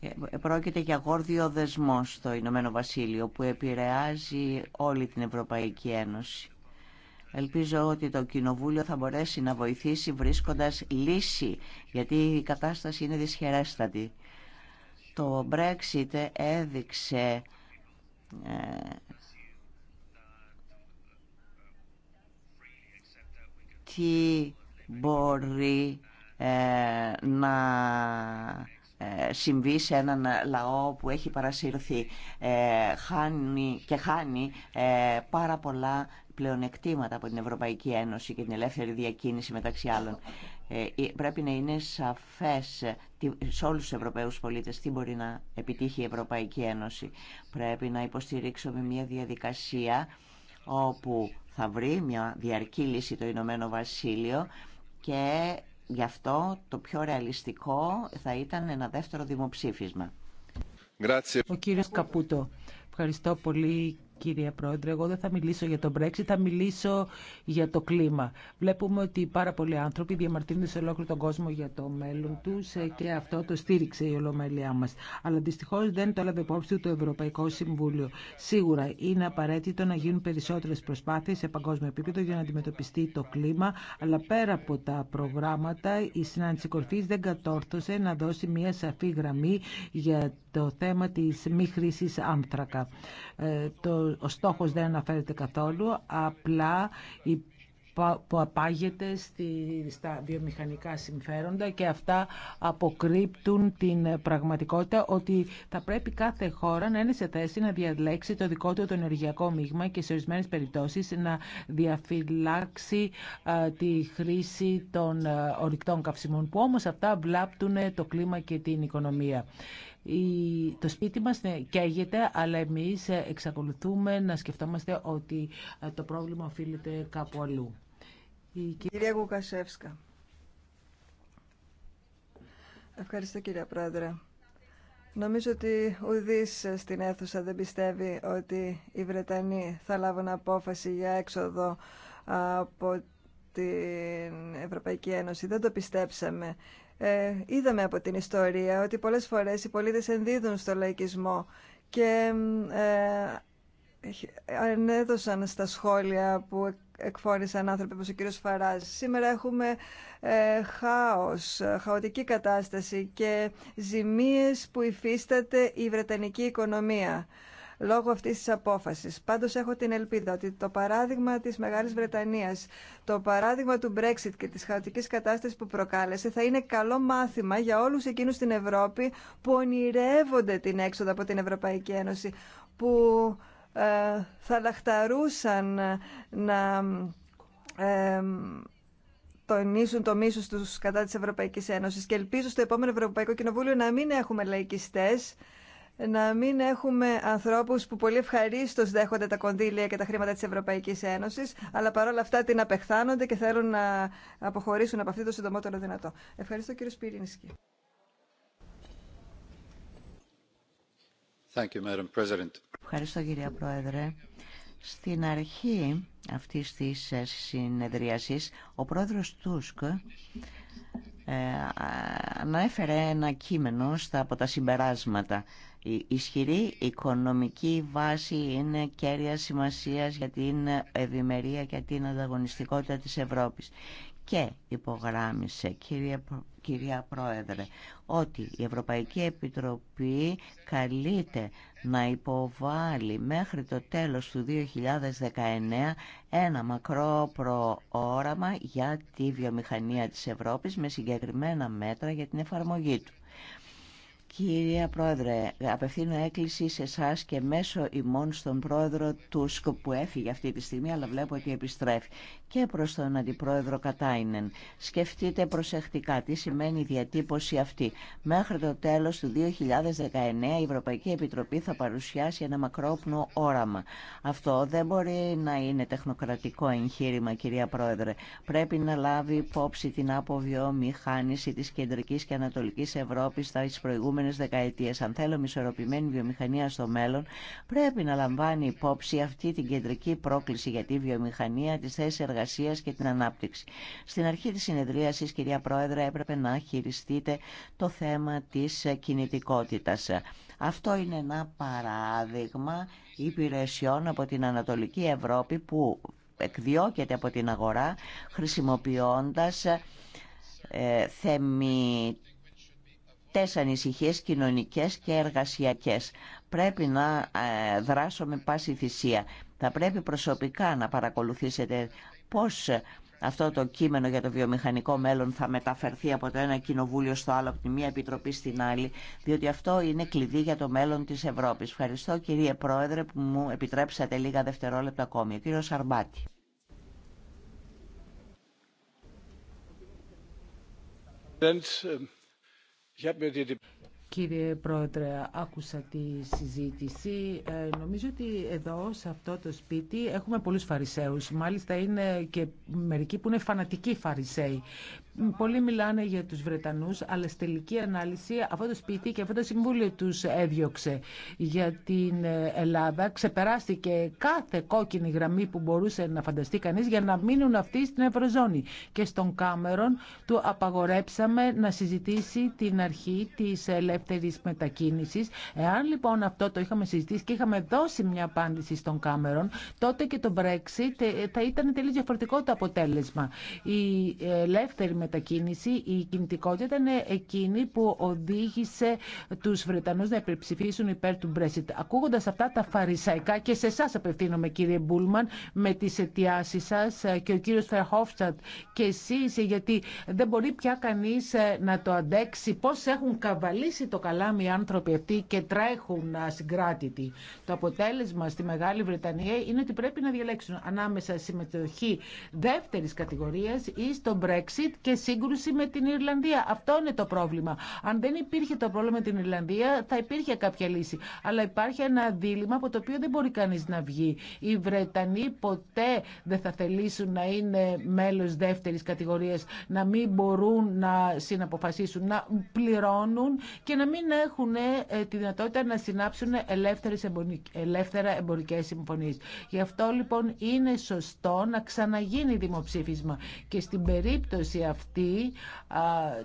Ε, πρόκειται για γόρδιο δεσμό στο Ηνωμένο Βασίλειο που επηρεάζει όλη την Ευρωπαϊκή Ένωση. Ελπίζω ότι το Κοινοβούλιο θα μπορέσει να βοηθήσει βρίσκοντας λύση, γιατί η κατάσταση είναι δυσχερέστατη. Το Brexit έδειξε ε, τι μπορεί ε, να ε, συμβεί σε έναν λαό που έχει παρασύρθει και χάνει πάρα πολλά πλεονεκτήματα από την Ευρωπαϊκή Ένωση και την ελεύθερη διακίνηση μεταξύ άλλων. Ε, ε, πρέπει να είναι σαφές ε, σε όλους τους Ευρωπαίους πολίτες τι μπορεί να επιτύχει η Ευρωπαϊκή Ένωση. Πρέπει να υποστηρίξουμε μια διαδικασία όπου θα βρει μια διαρκή λύση το Ηνωμένο Βασίλειο και γι' αυτό το πιο ρεαλιστικό θα ήταν ένα δεύτερο δημοψήφισμα. Ο κύριος Καπούτο, ευχαριστώ πολύ κύριε Πρόεδρε. Εγώ δεν θα μιλήσω για το Brexit, θα μιλήσω για το κλίμα. Βλέπουμε ότι πάρα πολλοί άνθρωποι διαμαρτύρονται σε ολόκληρο τον κόσμο για το μέλλον του ε, και αυτό το στήριξε η Ολομέλειά μα. Αλλά δυστυχώ δεν το έλαβε υπόψη το Ευρωπαϊκό Συμβούλιο. Σίγουρα είναι απαραίτητο να γίνουν περισσότερε προσπάθειε σε παγκόσμιο επίπεδο για να αντιμετωπιστεί το κλίμα, αλλά πέρα από τα προγράμματα, η συνάντηση κορφή δεν κατόρθωσε να δώσει μια σαφή γραμμή για το θέμα της μη χρήση άνθρακα. Ε, το, ο στόχος δεν αναφέρεται καθόλου, απλά η που απάγεται στα βιομηχανικά συμφέροντα και αυτά αποκρύπτουν την πραγματικότητα ότι θα πρέπει κάθε χώρα να είναι σε θέση να διαλέξει το δικό του το ενεργειακό μείγμα και σε ορισμένε περιπτώσεις να διαφυλάξει τη χρήση των ε, ορυκτών καυσιμών που όμως αυτά βλάπτουν το κλίμα και την οικονομία το σπίτι μας ε, καίγεται, αλλά εμείς ε, εξακολουθούμε να σκεφτόμαστε ότι ε, το πρόβλημα οφείλεται κάπου αλλού. Η κυρία Γουκασεύσκα. Ευχαριστώ κυρία Πρόεδρε. Νομίζω ότι ουδής στην αίθουσα δεν πιστεύει ότι οι Βρετανοί θα λάβουν απόφαση για έξοδο από την Ευρωπαϊκή Ένωση. Δεν το πιστέψαμε ε, είδαμε από την ιστορία ότι πολλές φορές οι πολίτες ενδίδουν στο λαϊκισμό και ε, ανέδωσαν στα σχόλια που εκφώνησαν άνθρωποι όπως ο κύριος Φαράζ. Σήμερα έχουμε ε, χάος, χαοτική κατάσταση και ζημίες που υφίσταται η Βρετανική οικονομία λόγω αυτής της απόφασης. Πάντως έχω την ελπίδα ότι το παράδειγμα της Μεγάλης Βρετανίας, το παράδειγμα του Brexit και της χαοτικής κατάστασης που προκάλεσε θα είναι καλό μάθημα για όλους εκείνους στην Ευρώπη που ονειρεύονται την έξοδο από την Ευρωπαϊκή Ένωση, που ε, θα λαχταρούσαν να... Ε, τονίσουν το μίσος τους κατά της Ευρωπαϊκής Ένωσης και ελπίζω στο επόμενο Ευρωπαϊκό Κοινοβούλιο να μην έχουμε λαϊκιστές να μην έχουμε ανθρώπους που πολύ ευχαρίστω δέχονται τα κονδύλια και τα χρήματα της Ευρωπαϊκής Ένωσης, αλλά παρόλα αυτά την απεχθάνονται και θέλουν να αποχωρήσουν από αυτή το συντομότερο δυνατό. Ευχαριστώ κύριο Σπυρίνσκι. Ευχαριστώ κύριε Πρόεδρε. Στην αρχή αυτής της ε, συνεδρίασης, ο πρόεδρος Τούσκ ε, ανέφερε ένα κείμενο στα από τα συμπεράσματα η ισχυρή οικονομική βάση είναι κέρια σημασίας για την ευημερία και την ανταγωνιστικότητα της Ευρώπης. Και υπογράμμισε, κυρία, κυρία Πρόεδρε, ότι η Ευρωπαϊκή Επιτροπή καλείται να υποβάλει μέχρι το τέλος του 2019 ένα μακρό προόραμα για τη βιομηχανία της Ευρώπης με συγκεκριμένα μέτρα για την εφαρμογή του. Κύριε Πρόεδρε, απευθύνω έκκληση σε εσά και μέσω ημών στον πρόεδρο Τούσκο που έφυγε αυτή τη στιγμή, αλλά βλέπω ότι επιστρέφει και προς τον Αντιπρόεδρο Κατάινεν. Σκεφτείτε προσεκτικά τι σημαίνει η διατύπωση αυτή. Μέχρι το τέλος του 2019 η Ευρωπαϊκή Επιτροπή θα παρουσιάσει ένα μακρόπνο όραμα. Αυτό δεν μπορεί να είναι τεχνοκρατικό εγχείρημα, κυρία Πρόεδρε. Πρέπει να λάβει υπόψη την αποβιομηχάνηση της κεντρικής και ανατολικής Ευρώπης στις προηγούμενες δεκαετίες. Αν θέλουμε ισορροπημένη βιομηχανία στο μέλλον, πρέπει να λαμβάνει υπόψη αυτή την κεντρική πρόκληση για τη βιομηχανία, τις θέσεις και την ανάπτυξη. Στην αρχή της συνεδρίασης, κυρία Πρόεδρε, έπρεπε να χειριστείτε το θέμα της κινητικότητας. Αυτό είναι ένα παράδειγμα υπηρεσιών από την Ανατολική Ευρώπη που εκδιώκεται από την αγορά χρησιμοποιώντας ε, θεμη ανησυχίες κοινωνικές και εργασιακές. Πρέπει να ε, δράσω με πάση θυσία. Θα πρέπει προσωπικά να παρακολουθήσετε πώς αυτό το κείμενο για το βιομηχανικό μέλλον θα μεταφερθεί από το ένα κοινοβούλιο στο άλλο, από τη μία επιτροπή στην άλλη, διότι αυτό είναι κλειδί για το μέλλον της Ευρώπης. Ευχαριστώ κύριε Πρόεδρε που μου επιτρέψατε λίγα δευτερόλεπτα ακόμη. Ο Σαρμπάτη. Κύριε Πρόεδρε, άκουσα τη συζήτηση. Ε, νομίζω ότι εδώ, σε αυτό το σπίτι, έχουμε πολλούς φαρισαίους. Μάλιστα, είναι και μερικοί που είναι φανατικοί φαρισαίοι. Πολλοί μιλάνε για τους Βρετανούς, αλλά στη τελική ανάλυση αυτό το σπίτι και αυτό το συμβούλιο τους έδιωξε. Για την ε, Ελλάδα ξεπεράστηκε κάθε κόκκινη γραμμή που μπορούσε να φανταστεί κανείς για να μείνουν αυτοί στην Ευρωζώνη. Και στον Κάμερον του απαγορέψαμε να συζητήσει την αρχή της ελεύθερης δεύτερης μετακίνησης. Εάν λοιπόν αυτό το είχαμε συζητήσει και είχαμε δώσει μια απάντηση στον Κάμερον, τότε και το Brexit ε, θα ήταν τελείως διαφορετικό το αποτέλεσμα. Η ελεύθερη μετακίνηση, η κινητικότητα ήταν εκείνη που οδήγησε τους Βρετανούς να υπερψηφίσουν υπέρ του Brexit. Ακούγοντας αυτά τα φαρισαϊκά και σε εσά απευθύνομαι κύριε Μπούλμαν με τις αιτιάσεις σας ε, και ο κύριος Φερχόφτσατ και εσείς γιατί δεν μπορεί πια κανείς ε, να το αντέξει πώς έχουν καβαλήσει το καλάμι οι άνθρωποι αυτοί και τρέχουν ασυγκράτητοι. Το αποτέλεσμα στη Μεγάλη Βρετανία είναι ότι πρέπει να διαλέξουν ανάμεσα συμμετοχή δεύτερη κατηγορία ή στο Brexit και σύγκρουση με την Ιρλανδία. Αυτό είναι το πρόβλημα. Αν δεν υπήρχε το πρόβλημα με την Ιρλανδία θα υπήρχε κάποια λύση. Αλλά υπάρχει ένα δίλημα από το οποίο δεν μπορεί κανεί να βγει. Οι Βρετανοί ποτέ δεν θα θελήσουν να είναι μέλο δεύτερη κατηγορία, να μην μπορούν να συναποφασίσουν, να πληρώνουν και να να μην έχουν ε, τη δυνατότητα να συνάψουν ελεύθερες ελεύθερα εμπορικές συμφωνίε. Γι' αυτό λοιπόν είναι σωστό να ξαναγίνει δημοψήφισμα και στην περίπτωση αυτή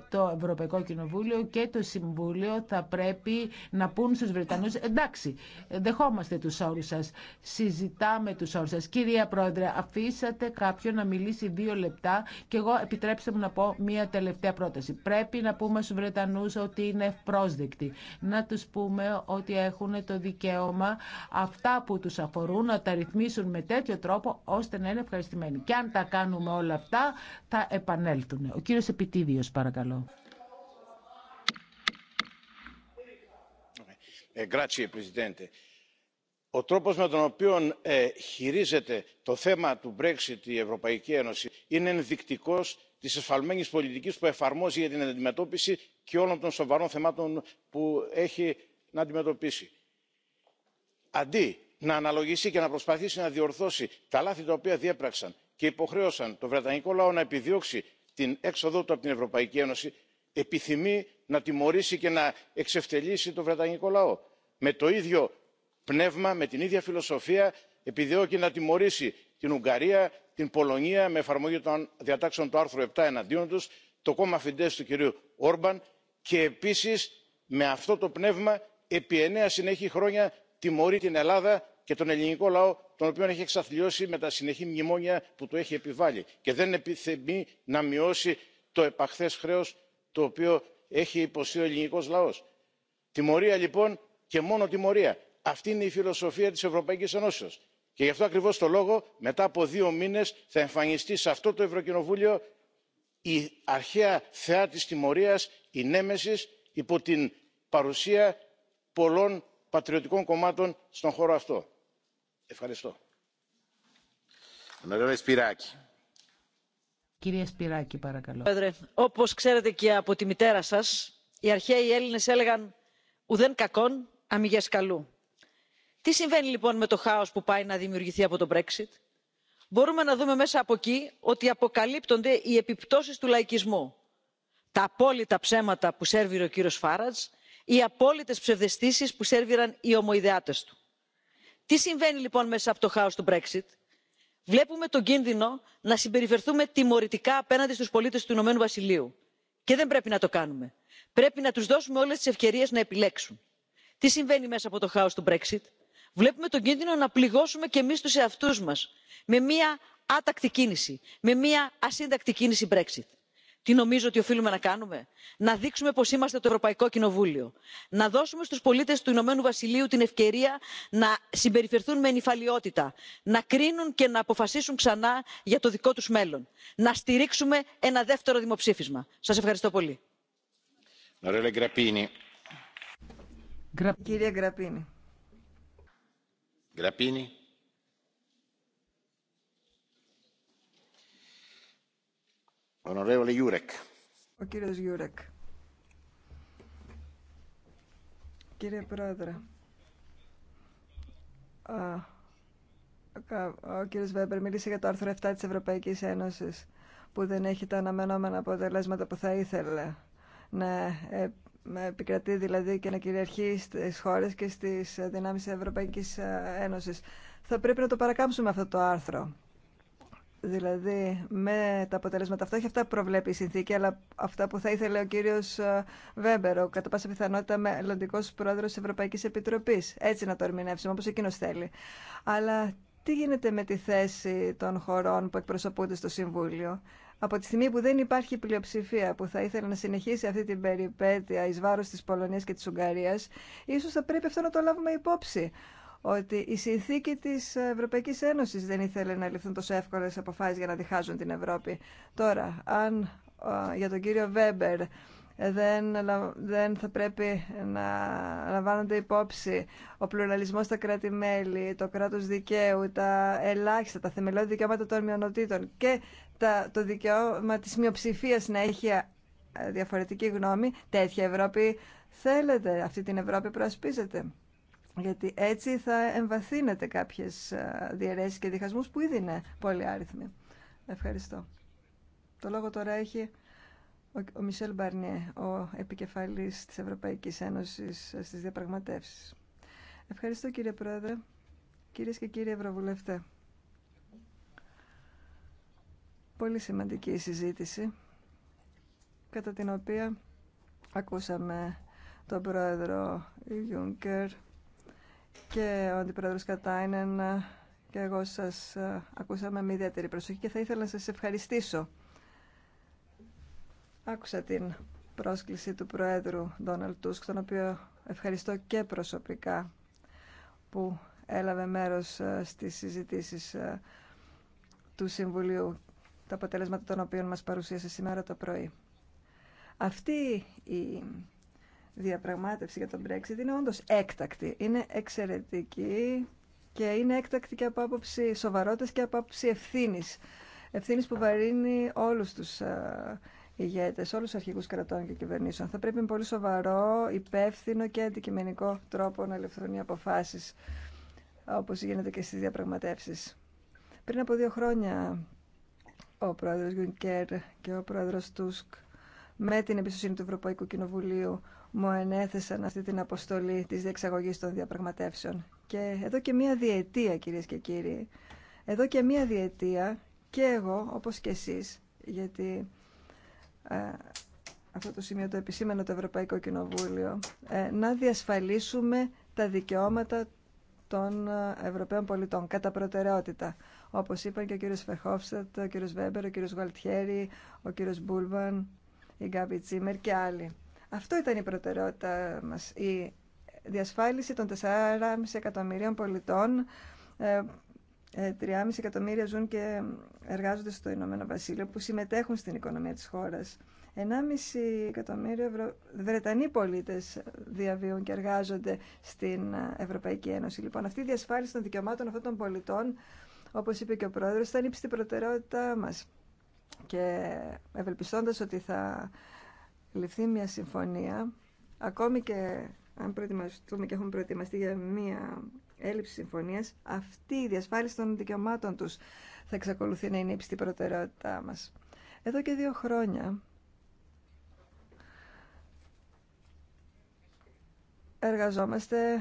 το Ευρωπαϊκό Κοινοβούλιο και το Συμβούλιο θα πρέπει να πούν στου Βρετανού. εντάξει, δεχόμαστε του όρου σα. συζητάμε του όρου σα. Κυρία Πρόεδρε, αφήσατε κάποιον να μιλήσει δύο λεπτά και εγώ επιτρέψτε μου να πω μία τελευταία πρόταση. Πρέπει να πούμε στου Βρετανού ότι είναι ευπρόσδεκτο να τους πούμε ότι έχουν το δικαίωμα αυτά που τους αφορούν να τα ρυθμίσουν με τέτοιο τρόπο ώστε να είναι ευχαριστημένοι. Και αν τα κάνουμε όλα αυτά θα επανέλθουν. Ο κύριος Επιτίδιος παρακαλώ. Ε, grazie, Presidente. Ο τρόπος με τον οποίο ε, χειρίζεται το θέμα του Brexit η Ευρωπαϊκή Ένωση είναι ενδεικτικός της εσφαλμένης πολιτικής που εφαρμόζει για την αντιμετώπιση και όλων των σοβαρών θεμάτων που έχει να αντιμετωπίσει. αντί να αναλογιστεί και να προσπαθήσει να διορθώσει τα λάθη τα οποία διέπραξαν και υποχρέωσαν το βρετανικό λαό να επιδιώξει την έξοδό του από την ευρωπαϊκή ένωση επιθυμεί να τιμωρήσει και να εξευτελίσει τον βρετανικό λαό. με το ίδιο πνεύμα με την ίδια φιλοσοφία επιδιώκει να τιμωρήσει την ουγγαρία την πολωνία με εφαρμογή των διατάξεων του άρθρου 7 εναντίον τους το κόμμα φιντές του κυρίου όρμπαν και επίσης με αυτό το πνεύμα επί εννέα συνεχή χρόνια τιμωρεί την ελλάδα και τον ελληνικό λαό τον οποίο έχει εξαθλιώσει με τα συνεχή μνημόνια που του έχει επιβάλει και δεν επιθυμεί να μειώσει το επαχθές χρέος το οποίο έχει υποστεί ο ελληνικός λαός. τιμωρία λοιπόν και μόνο τιμωρία αυτή είναι η φιλοσοφία της ευρωπαϊκής Ενώσεω και γι' αυτό ακριβώς το λόγο μετά από δύο μήνες θα εμφανιστεί σε αυτό το ευρωκοινοβούλιο η αρχαία θεά της τιμωρίας η νέμεσης υπό την παρουσία πολλών πατριωτικών κομμάτων στον χώρο αυτό. Ευχαριστώ. Όπω Σπυράκη, παρακαλώ. Πρόεδρε, όπως ξέρετε και από τη μητέρα σας, οι αρχαίοι Έλληνε έλεγαν «ουδέν κακόν, αμυγές καλού» τι συμβαίνει λοιπόν με το χάος που πάει να δημιουργηθεί από το brexit; μπορούμε να δούμε μέσα από εκεί ότι αποκαλύπτονται οι επιπτώσεις του λαϊκισμού τα απόλυτα ψέματα που σέρβιρε ο κύριος ή οι απόλυτες ψευδεστήσει που σέρβιραν οι ομοειδεάτες του. τι συμβαίνει λοιπόν μέσα από το χάος του brexit; βλέπουμε τον κίνδυνο να συμπεριφερθούμε τιμωρητικά απέναντι στους πολίτες του ηνωμένου βασιλείου και δεν πρέπει να το κάνουμε. πρέπει να τους δώσουμε όλες τις ευκαιρίες να επιλέξουν. τι συμβαίνει μέσα από το χάος του brexit; βλέπουμε τον κίνδυνο να πληγώσουμε και εμείς τους εαυτούς μας με μια άτακτη κίνηση με μια ασύντακτη κίνηση brexit. τι νομίζω ότι οφείλουμε να κάνουμε; να δείξουμε πως είμαστε το ευρωπαϊκό κοινοβούλιο να δώσουμε στους πολίτες του ηνωμένου βασιλείου την ευκαιρία να συμπεριφερθούν με νυφαλιότητα να κρίνουν και να αποφασίσουν ξανά για το δικό τους μέλλον να στηρίξουμε ένα δεύτερο δημοψήφισμα. σας ευχαριστώ πολύ ο Κύριε Πρόεδρε, ο κύριο Βέμπερ μίλησε για το άρθρο 7 τη Ευρωπαϊκή Ένωση που δεν έχει τα αναμενόμενα αποτελέσματα που θα ήθελε να με επικρατεί δηλαδή και να κυριαρχεί στις χώρες και στις δυνάμεις της Ευρωπαϊκής Ένωσης. Θα πρέπει να το παρακάμψουμε αυτό το άρθρο. Δηλαδή, με τα αποτελέσματα αυτά, όχι αυτά που προβλέπει η συνθήκη, αλλά αυτά που θα ήθελε ο κύριος ε, Βέμπερο, κατά πάσα πιθανότητα μελλοντικό πρόεδρος της Ευρωπαϊκής Επιτροπής, Έτσι να το ερμηνεύσουμε, όπως εκείνος θέλει. Αλλά τι γίνεται με τη θέση των χωρών που εκπροσωπούνται στο Συμβούλιο. Από τη στιγμή που δεν υπάρχει πλειοψηφία που θα ήθελε να συνεχίσει αυτή την περιπέτεια εις βάρος της Πολωνίας και της Ουγγαρίας, ίσως θα πρέπει αυτό να το λάβουμε υπόψη ότι η συνθήκη τη Ευρωπαϊκή Ένωση δεν ήθελε να ληφθούν τόσο εύκολε αποφάσει για να διχάζουν την Ευρώπη. Τώρα, αν για τον κύριο Βέμπερ δεν, δεν θα πρέπει να λαμβάνονται υπόψη ο πλουραλισμός στα κράτη-μέλη, το κράτος δικαίου, τα ελάχιστα, τα θεμελιώδη δικαιώματα των μειονοτήτων και τα, το δικαίωμα της μειοψηφία να έχει διαφορετική γνώμη, τέτοια Ευρώπη θέλετε, αυτή την Ευρώπη προασπίζετε. Γιατί έτσι θα εμβαθύνετε κάποιες διαιρέσεις και διχασμούς που ήδη είναι πολύ άριθμοι. Ευχαριστώ. Το λόγο τώρα έχει ο Μισελ Μπαρνιέ, ο επικεφαλής της Ευρωπαϊκής Ένωσης στις διαπραγματεύσεις. Ευχαριστώ κύριε Πρόεδρε, κυρίες και κύριοι Ευρωβουλευτέ. Πολύ σημαντική η συζήτηση, κατά την οποία ακούσαμε τον Πρόεδρο Ιούνκερ και ο Αντιπρόεδρος Κατάινεν και εγώ σας ε, ακούσαμε με ιδιαίτερη προσοχή και θα ήθελα να σας ευχαριστήσω Άκουσα την πρόσκληση του Προέδρου Ντόναλτ Τούσκ, τον οποίο ευχαριστώ και προσωπικά που έλαβε μέρος ε, στις συζητήσεις ε, του Συμβουλίου, τα αποτελέσματα των οποίων μας παρουσίασε σήμερα το πρωί. Αυτή η διαπραγμάτευση για τον Brexit είναι όντως έκτακτη, είναι εξαιρετική και είναι έκτακτη και από άποψη σοβαρότητας και από άποψη ευθύνης. Ευθύνης που βαρύνει όλους τους ε, ηγέτες, όλους τους αρχηγού κρατών και κυβερνήσεων. Θα πρέπει με πολύ σοβαρό, υπεύθυνο και αντικειμενικό τρόπο να λεφθούν οι αποφάσει όπως γίνεται και στι διαπραγματεύσει. Πριν από δύο χρόνια, ο πρόεδρο Γιουνκέρ και ο πρόεδρο Τούσκ με την εμπιστοσύνη του Ευρωπαϊκού Κοινοβουλίου μου ενέθεσαν αυτή την αποστολή τη διεξαγωγή των διαπραγματεύσεων. Και εδώ και μία διετία, κυρίε και κύριοι, εδώ και μία διετία και εγώ, όπως και εσείς, γιατί ε, αυτό το σημείο το επισήμενο το Ευρωπαϊκό Κοινοβούλιο, ε, να διασφαλίσουμε τα δικαιώματα των ε, Ευρωπαίων πολιτών κατά προτεραιότητα. Όπως είπαν και ο κύριος Φεχόφστατ, ο κύριος Βέμπερ, ο κύριος Γουαλτιέρη, ο κύριος Μπούλβαν, η Γκάμπι Τσίμερ και άλλοι. Αυτό ήταν η προτεραιότητα μας, η διασφάλιση των 4,5 εκατομμυρίων πολιτών 3,5 ε, εκατομμύρια ζουν και εργάζονται στο Ηνωμένο Βασίλειο που συμμετέχουν στην οικονομία της χώρας. 1,5 εκατομμύριο Ευρω... Βρετανοί πολίτες διαβίουν και εργάζονται στην ε, Ευρωπαϊκή Ένωση. Λοιπόν, αυτή η διασφάλιση των δικαιωμάτων αυτών των πολιτών, όπως είπε και ο Πρόεδρος, θα ύψη την προτεραιότητά μας. Και ευελπιστώντας ότι θα ληφθεί μια συμφωνία, ακόμη και αν προετοιμαστούμε και έχουμε προετοιμαστεί για μια έλλειψη συμφωνία. αυτή η διασφάλιση των δικαιωμάτων τους θα εξακολουθεί να είναι η υψηλή προτεραιότητά μα. Εδώ και δύο χρόνια εργαζόμαστε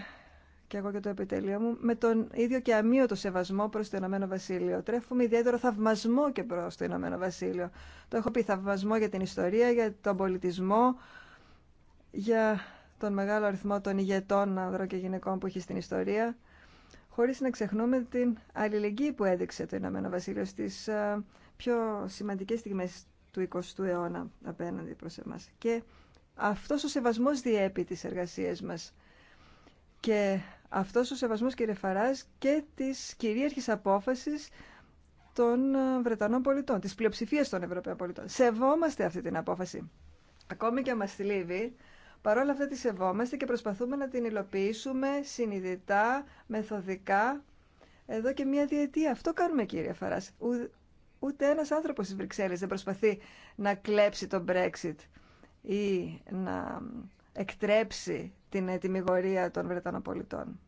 και εγώ και το επιτελείο μου, με τον ίδιο και αμύωτο σεβασμό προ το Ηνωμένο Βασίλειο. Τρέφουμε ιδιαίτερο θαυμασμό και προ το Ηνωμένο Βασίλειο. Το έχω πει θαυμασμό για την ιστορία, για τον πολιτισμό, για τον μεγάλο αριθμό των ηγετών άνδρων και γυναικών που έχει στην ιστορία, χωρίς να ξεχνούμε την αλληλεγγύη που έδειξε το Ηνωμένο Βασίλειο στις ε, πιο σημαντικές στιγμές του 20ου αιώνα απέναντι προς εμάς. Και αυτός ο σεβασμός διέπει τις εργασίες μας. Και αυτός ο σεβασμός, κύριε και της κυρίαρχης απόφασης των ε, Βρετανών πολιτών, της πλειοψηφίας των Ευρωπαίων πολιτών. Σεβόμαστε αυτή την απόφαση. Ακόμη και μας θλίβει, παρόλα αυτά τη σεβόμαστε και προσπαθούμε να την υλοποιήσουμε συνειδητά, μεθοδικά, εδώ και μία διετία. Αυτό κάνουμε κύριε Φαράς. Ούτε ένας άνθρωπος στις Βρυξέλλες δεν προσπαθεί να κλέψει τον Brexit ή να εκτρέψει την ετοιμιγορία των Βρετανοπολιτών.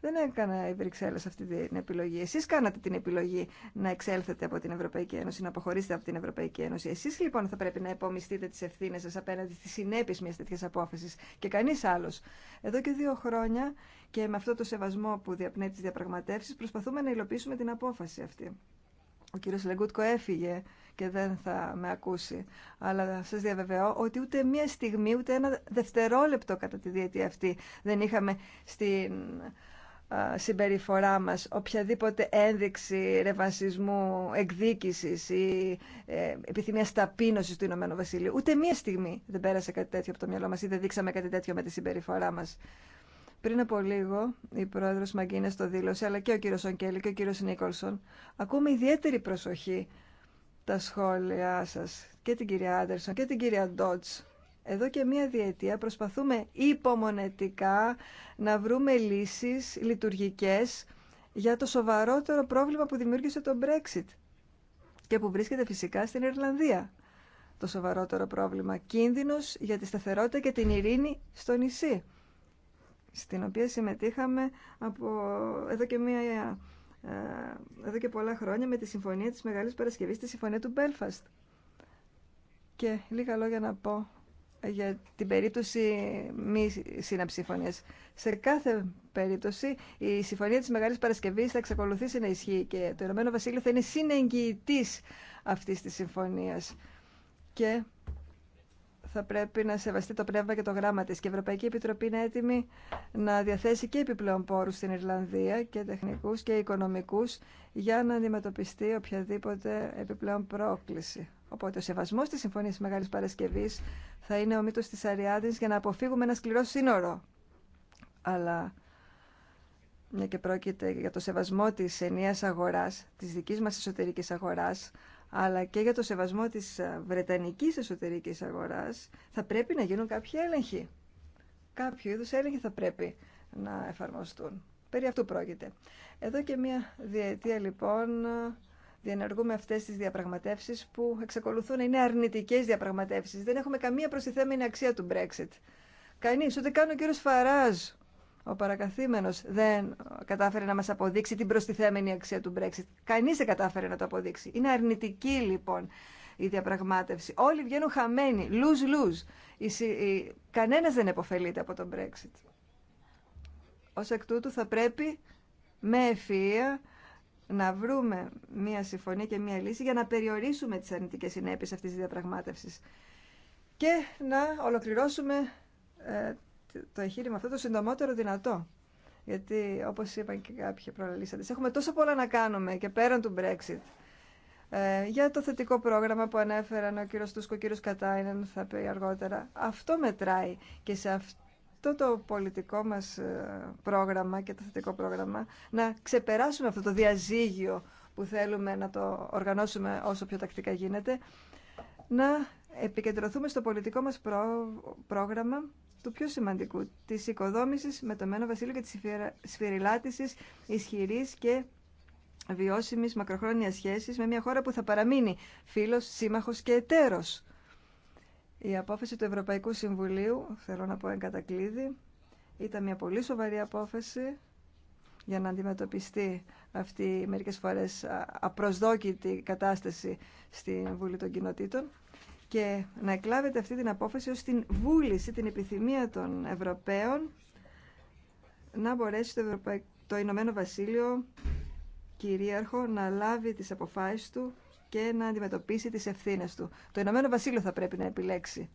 Δεν έκανα η Βρυξέλλες αυτή την επιλογή. Εσείς κάνατε την επιλογή να εξέλθετε από την Ευρωπαϊκή Ένωση, να αποχωρήσετε από την Ευρωπαϊκή Ένωση. Εσείς λοιπόν θα πρέπει να επομιστείτε τις ευθύνες σας απέναντι στις συνέπειες μιας τέτοιας απόφασης και κανείς άλλος. Εδώ και δύο χρόνια και με αυτό το σεβασμό που διαπνέει τις διαπραγματεύσεις προσπαθούμε να υλοποιήσουμε την απόφαση αυτή. Ο κύριος Λεγκούτκο έφυγε και δεν θα με ακούσει. Αλλά σα διαβεβαιώ ότι ούτε μία στιγμή, ούτε ένα δευτερόλεπτο κατά τη διετία αυτή δεν είχαμε στην συμπεριφορά μας οποιαδήποτε ένδειξη ρεβανσισμού, εκδίκησης ή ε, επιθυμίας ταπείνωσης του Ηνωμένου Βασιλείου. Ούτε μία στιγμή δεν πέρασε κάτι τέτοιο από το μυαλό μας ή δεν δείξαμε κάτι τέτοιο με τη συμπεριφορά μας. Πριν από λίγο, η πρόεδρος Μαγκίνες το δήλωσε, αλλά και ο κύριος Ονκέλη και ο κύριος Νίκολσον. Ακούμε ιδιαίτερη προσοχή τα σχόλιά σας και την κυρία Άντερσον και την κυρία Ντότζ. Εδώ και μία διετία προσπαθούμε υπομονετικά να βρούμε λύσεις λειτουργικές για το σοβαρότερο πρόβλημα που δημιούργησε το Brexit και που βρίσκεται φυσικά στην Ιρλανδία. Το σοβαρότερο πρόβλημα κίνδυνος για τη σταθερότητα και την ειρήνη στο νησί, στην οποία συμμετείχαμε από εδώ και μία ε, εδώ και πολλά χρόνια με τη συμφωνία της Μεγάλης Παρασκευής, τη συμφωνία του Belfast. Και λίγα λόγια να πω για την περίπτωση μη σύναψη Σε κάθε περίπτωση, η συμφωνία της Μεγάλης παρασκευή θα εξακολουθήσει να ισχύει και το Ηνωμένο Βασίλειο θα είναι συνεγγυητή αυτή τη συμφωνίας. Και θα πρέπει να σεβαστεί το πνεύμα και το γράμμα τη Και η Ευρωπαϊκή Επιτροπή είναι έτοιμη να διαθέσει και επιπλέον πόρους στην Ιρλανδία και τεχνικού και οικονομικού για να αντιμετωπιστεί οποιαδήποτε επιπλέον πρόκληση. Οπότε ο σεβασμό τη Συμφωνία τη Μεγάλη Παρασκευή θα είναι ο μύτο τη Αριάδη για να αποφύγουμε ένα σκληρό σύνορο. Αλλά μια και πρόκειται για το σεβασμό τη ενία αγορά, τη δική μα εσωτερική αγορά, αλλά και για το σεβασμό τη ε, βρετανική εσωτερική αγορά, θα πρέπει να γίνουν κάποιοι έλεγχοι. Κάποιο είδου έλεγχοι θα πρέπει να εφαρμοστούν. Περί αυτού πρόκειται. Εδώ και μια διετία λοιπόν διενεργούμε αυτές τις διαπραγματεύσεις που εξακολουθούν να είναι αρνητικές διαπραγματεύσεις. Δεν έχουμε καμία προστιθέμενη αξία του Brexit. Κανεί, ούτε καν ο κύριος Φαράζ, ο παρακαθήμενος, δεν κατάφερε να μας αποδείξει την προστιθέμενη αξία του Brexit. Κανεί δεν κατάφερε να το αποδείξει. Είναι αρνητική λοιπόν η διαπραγμάτευση. Όλοι βγαίνουν χαμένοι, lose-lose. Κανένας δεν επωφελείται από τον Brexit. Ως εκ τούτου θα πρέπει με ευφυΐα να βρούμε μία συμφωνία και μία λύση για να περιορίσουμε τις αρνητικές συνέπειες αυτής της διαπραγμάτευσης και να ολοκληρώσουμε ε, το εγχείρημα αυτό το συντομότερο δυνατό. Γιατί, όπως είπαν και κάποιοι προλαλήσαντες, έχουμε τόσο πολλά να κάνουμε και πέραν του Brexit. Ε, για το θετικό πρόγραμμα που ανέφεραν ο κύριος Τούσκο, ο κύριος Κατάινεν, θα πει αργότερα. Αυτό μετράει και σε αυτό αυτό το πολιτικό μας ε, πρόγραμμα και το θετικό πρόγραμμα να ξεπεράσουμε αυτό το διαζύγιο που θέλουμε να το οργανώσουμε όσο πιο τακτικά γίνεται, να επικεντρωθούμε στο πολιτικό μας πρόγραμμα του πιο σημαντικού, της οικοδόμησης με το Μένο Βασίλειο και της σφυριλάτησης ισχυρής και βιώσιμης μακροχρόνιας σχέσης με μια χώρα που θα παραμείνει φίλος, σύμμαχος και εταίρος η απόφαση του Ευρωπαϊκού Συμβουλίου, θέλω να πω εγκατακλείδη, ήταν μια πολύ σοβαρή απόφαση για να αντιμετωπιστεί αυτή η μερικές φορές απροσδόκητη κατάσταση στη Βουλή των Κοινοτήτων και να εκλάβεται αυτή την απόφαση ως την βούληση, την επιθυμία των Ευρωπαίων να μπορέσει το, το Ηνωμένο Βασίλειο κυρίαρχο να λάβει τις αποφάσεις του και να αντιμετωπίσει τις ευθύνες του. Το Ηνωμένο Βασίλειο θα πρέπει να επιλέξει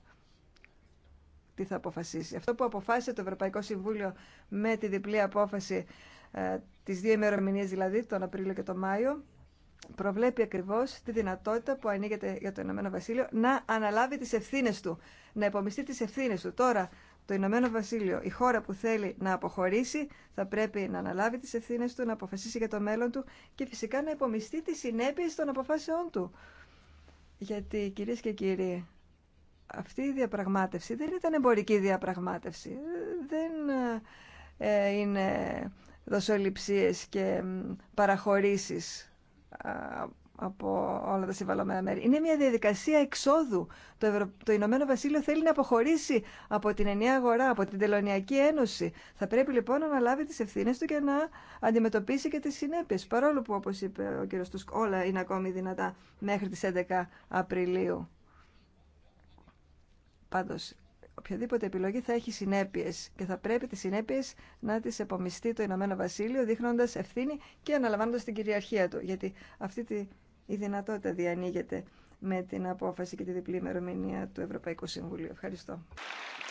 τι θα αποφασίσει. Αυτό που αποφάσισε το Ευρωπαϊκό Συμβούλιο με τη διπλή απόφαση ε, τις δύο ημερομηνίες δηλαδή, τον Απρίλιο και τον Μάιο, προβλέπει ακριβώς τη δυνατότητα που ανοίγεται για το Ηνωμένο Βασίλειο να αναλάβει τις ευθύνες του, να υπομειστεί τις ευθύνες του. Τώρα το Ηνωμένο Βασίλειο, η χώρα που θέλει να αποχωρήσει, θα πρέπει να αναλάβει τις ευθύνε του, να αποφασίσει για το μέλλον του και φυσικά να υπομειστεί τι συνέπειε των αποφάσεών του. Γιατί κυρίες και κύριοι, αυτή η διαπραγμάτευση δεν ήταν εμπορική διαπραγμάτευση. Δεν ε, είναι δοσοληψίες και παραχωρήσεις από όλα τα συμβαλωμένα μέρη. Είναι μια διαδικασία εξόδου. Το, Ευρω... το Ηνωμένο Βασίλειο θέλει να αποχωρήσει από την ενιαία αγορά, από την Τελωνιακή Ένωση. Θα πρέπει λοιπόν να αναλάβει τι ευθύνε του και να αντιμετωπίσει και τι συνέπειε. Παρόλο που, όπω είπε ο κ. Τουσκ, όλα είναι ακόμη δυνατά μέχρι τι 11 Απριλίου. Πάντω, οποιαδήποτε επιλογή θα έχει συνέπειε και θα πρέπει τι συνέπειε να τι επομιστεί το Ηνωμένο Βασίλειο, δείχνοντα ευθύνη και αναλαμβάνοντα την κυριαρχία του. Γιατί αυτή τη η δυνατότητα διανοίγεται με την απόφαση και τη διπλή ημερομηνία του Ευρωπαϊκού Συμβουλίου. Ευχαριστώ.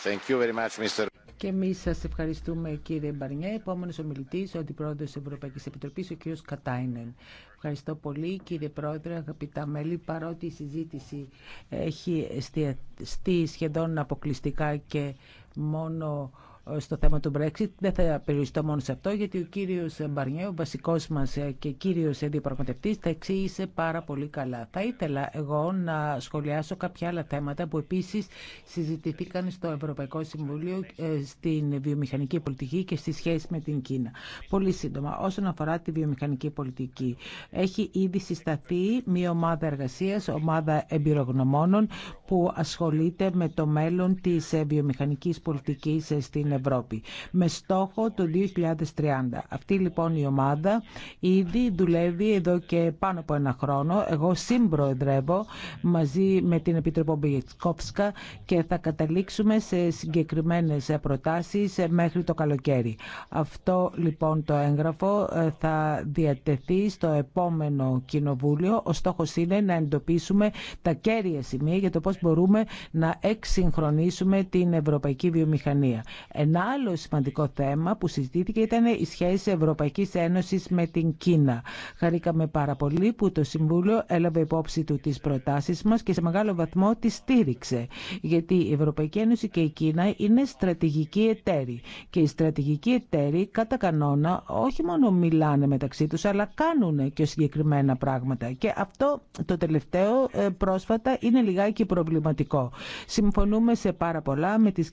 Thank you very much, Mr. Και εμεί σα ευχαριστούμε, κύριε Μπαρνιέ. Επόμενο ομιλητή, ο Αντιπρόεδρο τη Ευρωπαϊκή Επιτροπή, ο κύριο Κατάινεν. Ευχαριστώ πολύ, κύριε Πρόεδρε, αγαπητά μέλη. Παρότι η συζήτηση έχει εστιαστεί σχεδόν αποκλειστικά και μόνο στο θέμα του Brexit. Δεν θα περιοριστώ μόνο σε αυτό, γιατί ο κύριο Μπαρνιέ, ο βασικό μα ε, και κύριο διαπραγματευτής, θα εξήγησε πάρα πολύ καλά. Θα ήθελα εγώ να σχολιάσω κάποια άλλα θέματα που επίση συζητηθήκαν στο Ευρωπαϊκό Συμβουλίο ε, στην βιομηχανική πολιτική και στη σχέση με την Κίνα. Πολύ σύντομα, όσον αφορά τη βιομηχανική πολιτική, έχει ήδη συσταθεί μια ομάδα εργασία, ομάδα εμπειρογνωμόνων που ασχολείται με το μέλλον τη ε, βιομηχανική πολιτική. στην Ευρώπη με στόχο το 2030. Αυτή λοιπόν η ομάδα ήδη δουλεύει εδώ και πάνω από ένα χρόνο. Εγώ συμπροεδρεύω μαζί με την Επίτροπο Μπιετσκόφσκα και θα καταλήξουμε σε συγκεκριμένες προτάσεις μέχρι το καλοκαίρι. Αυτό λοιπόν το έγγραφο ε, θα διατεθεί στο επόμενο κοινοβούλιο. Ο στόχος είναι να εντοπίσουμε τα κέρια σημεία για το πώς μπορούμε να εξυγχρονίσουμε την ευρωπαϊκή βιομηχανία. Ένα άλλο σημαντικό θέμα που συζητήθηκε ήταν η σχέση Ευρωπαϊκής Ένωσης με την Κίνα. Χαρήκαμε πάρα πολύ που το Συμβούλιο έλαβε υπόψη του τις προτάσεις μας και σε μεγάλο βαθμό τις στήριξε. Γιατί η Ευρωπαϊκή Ένωση και η Κίνα είναι στρατηγικοί εταίροι. Και οι στρατηγικοί εταίροι κατά κανόνα όχι μόνο μιλάνε μεταξύ τους αλλά κάνουν και συγκεκριμένα πράγματα. Και αυτό το τελευταίο ε, πρόσφατα είναι λιγάκι προβληματικό. Συμφωνούμε σε πάρα πολλά με τις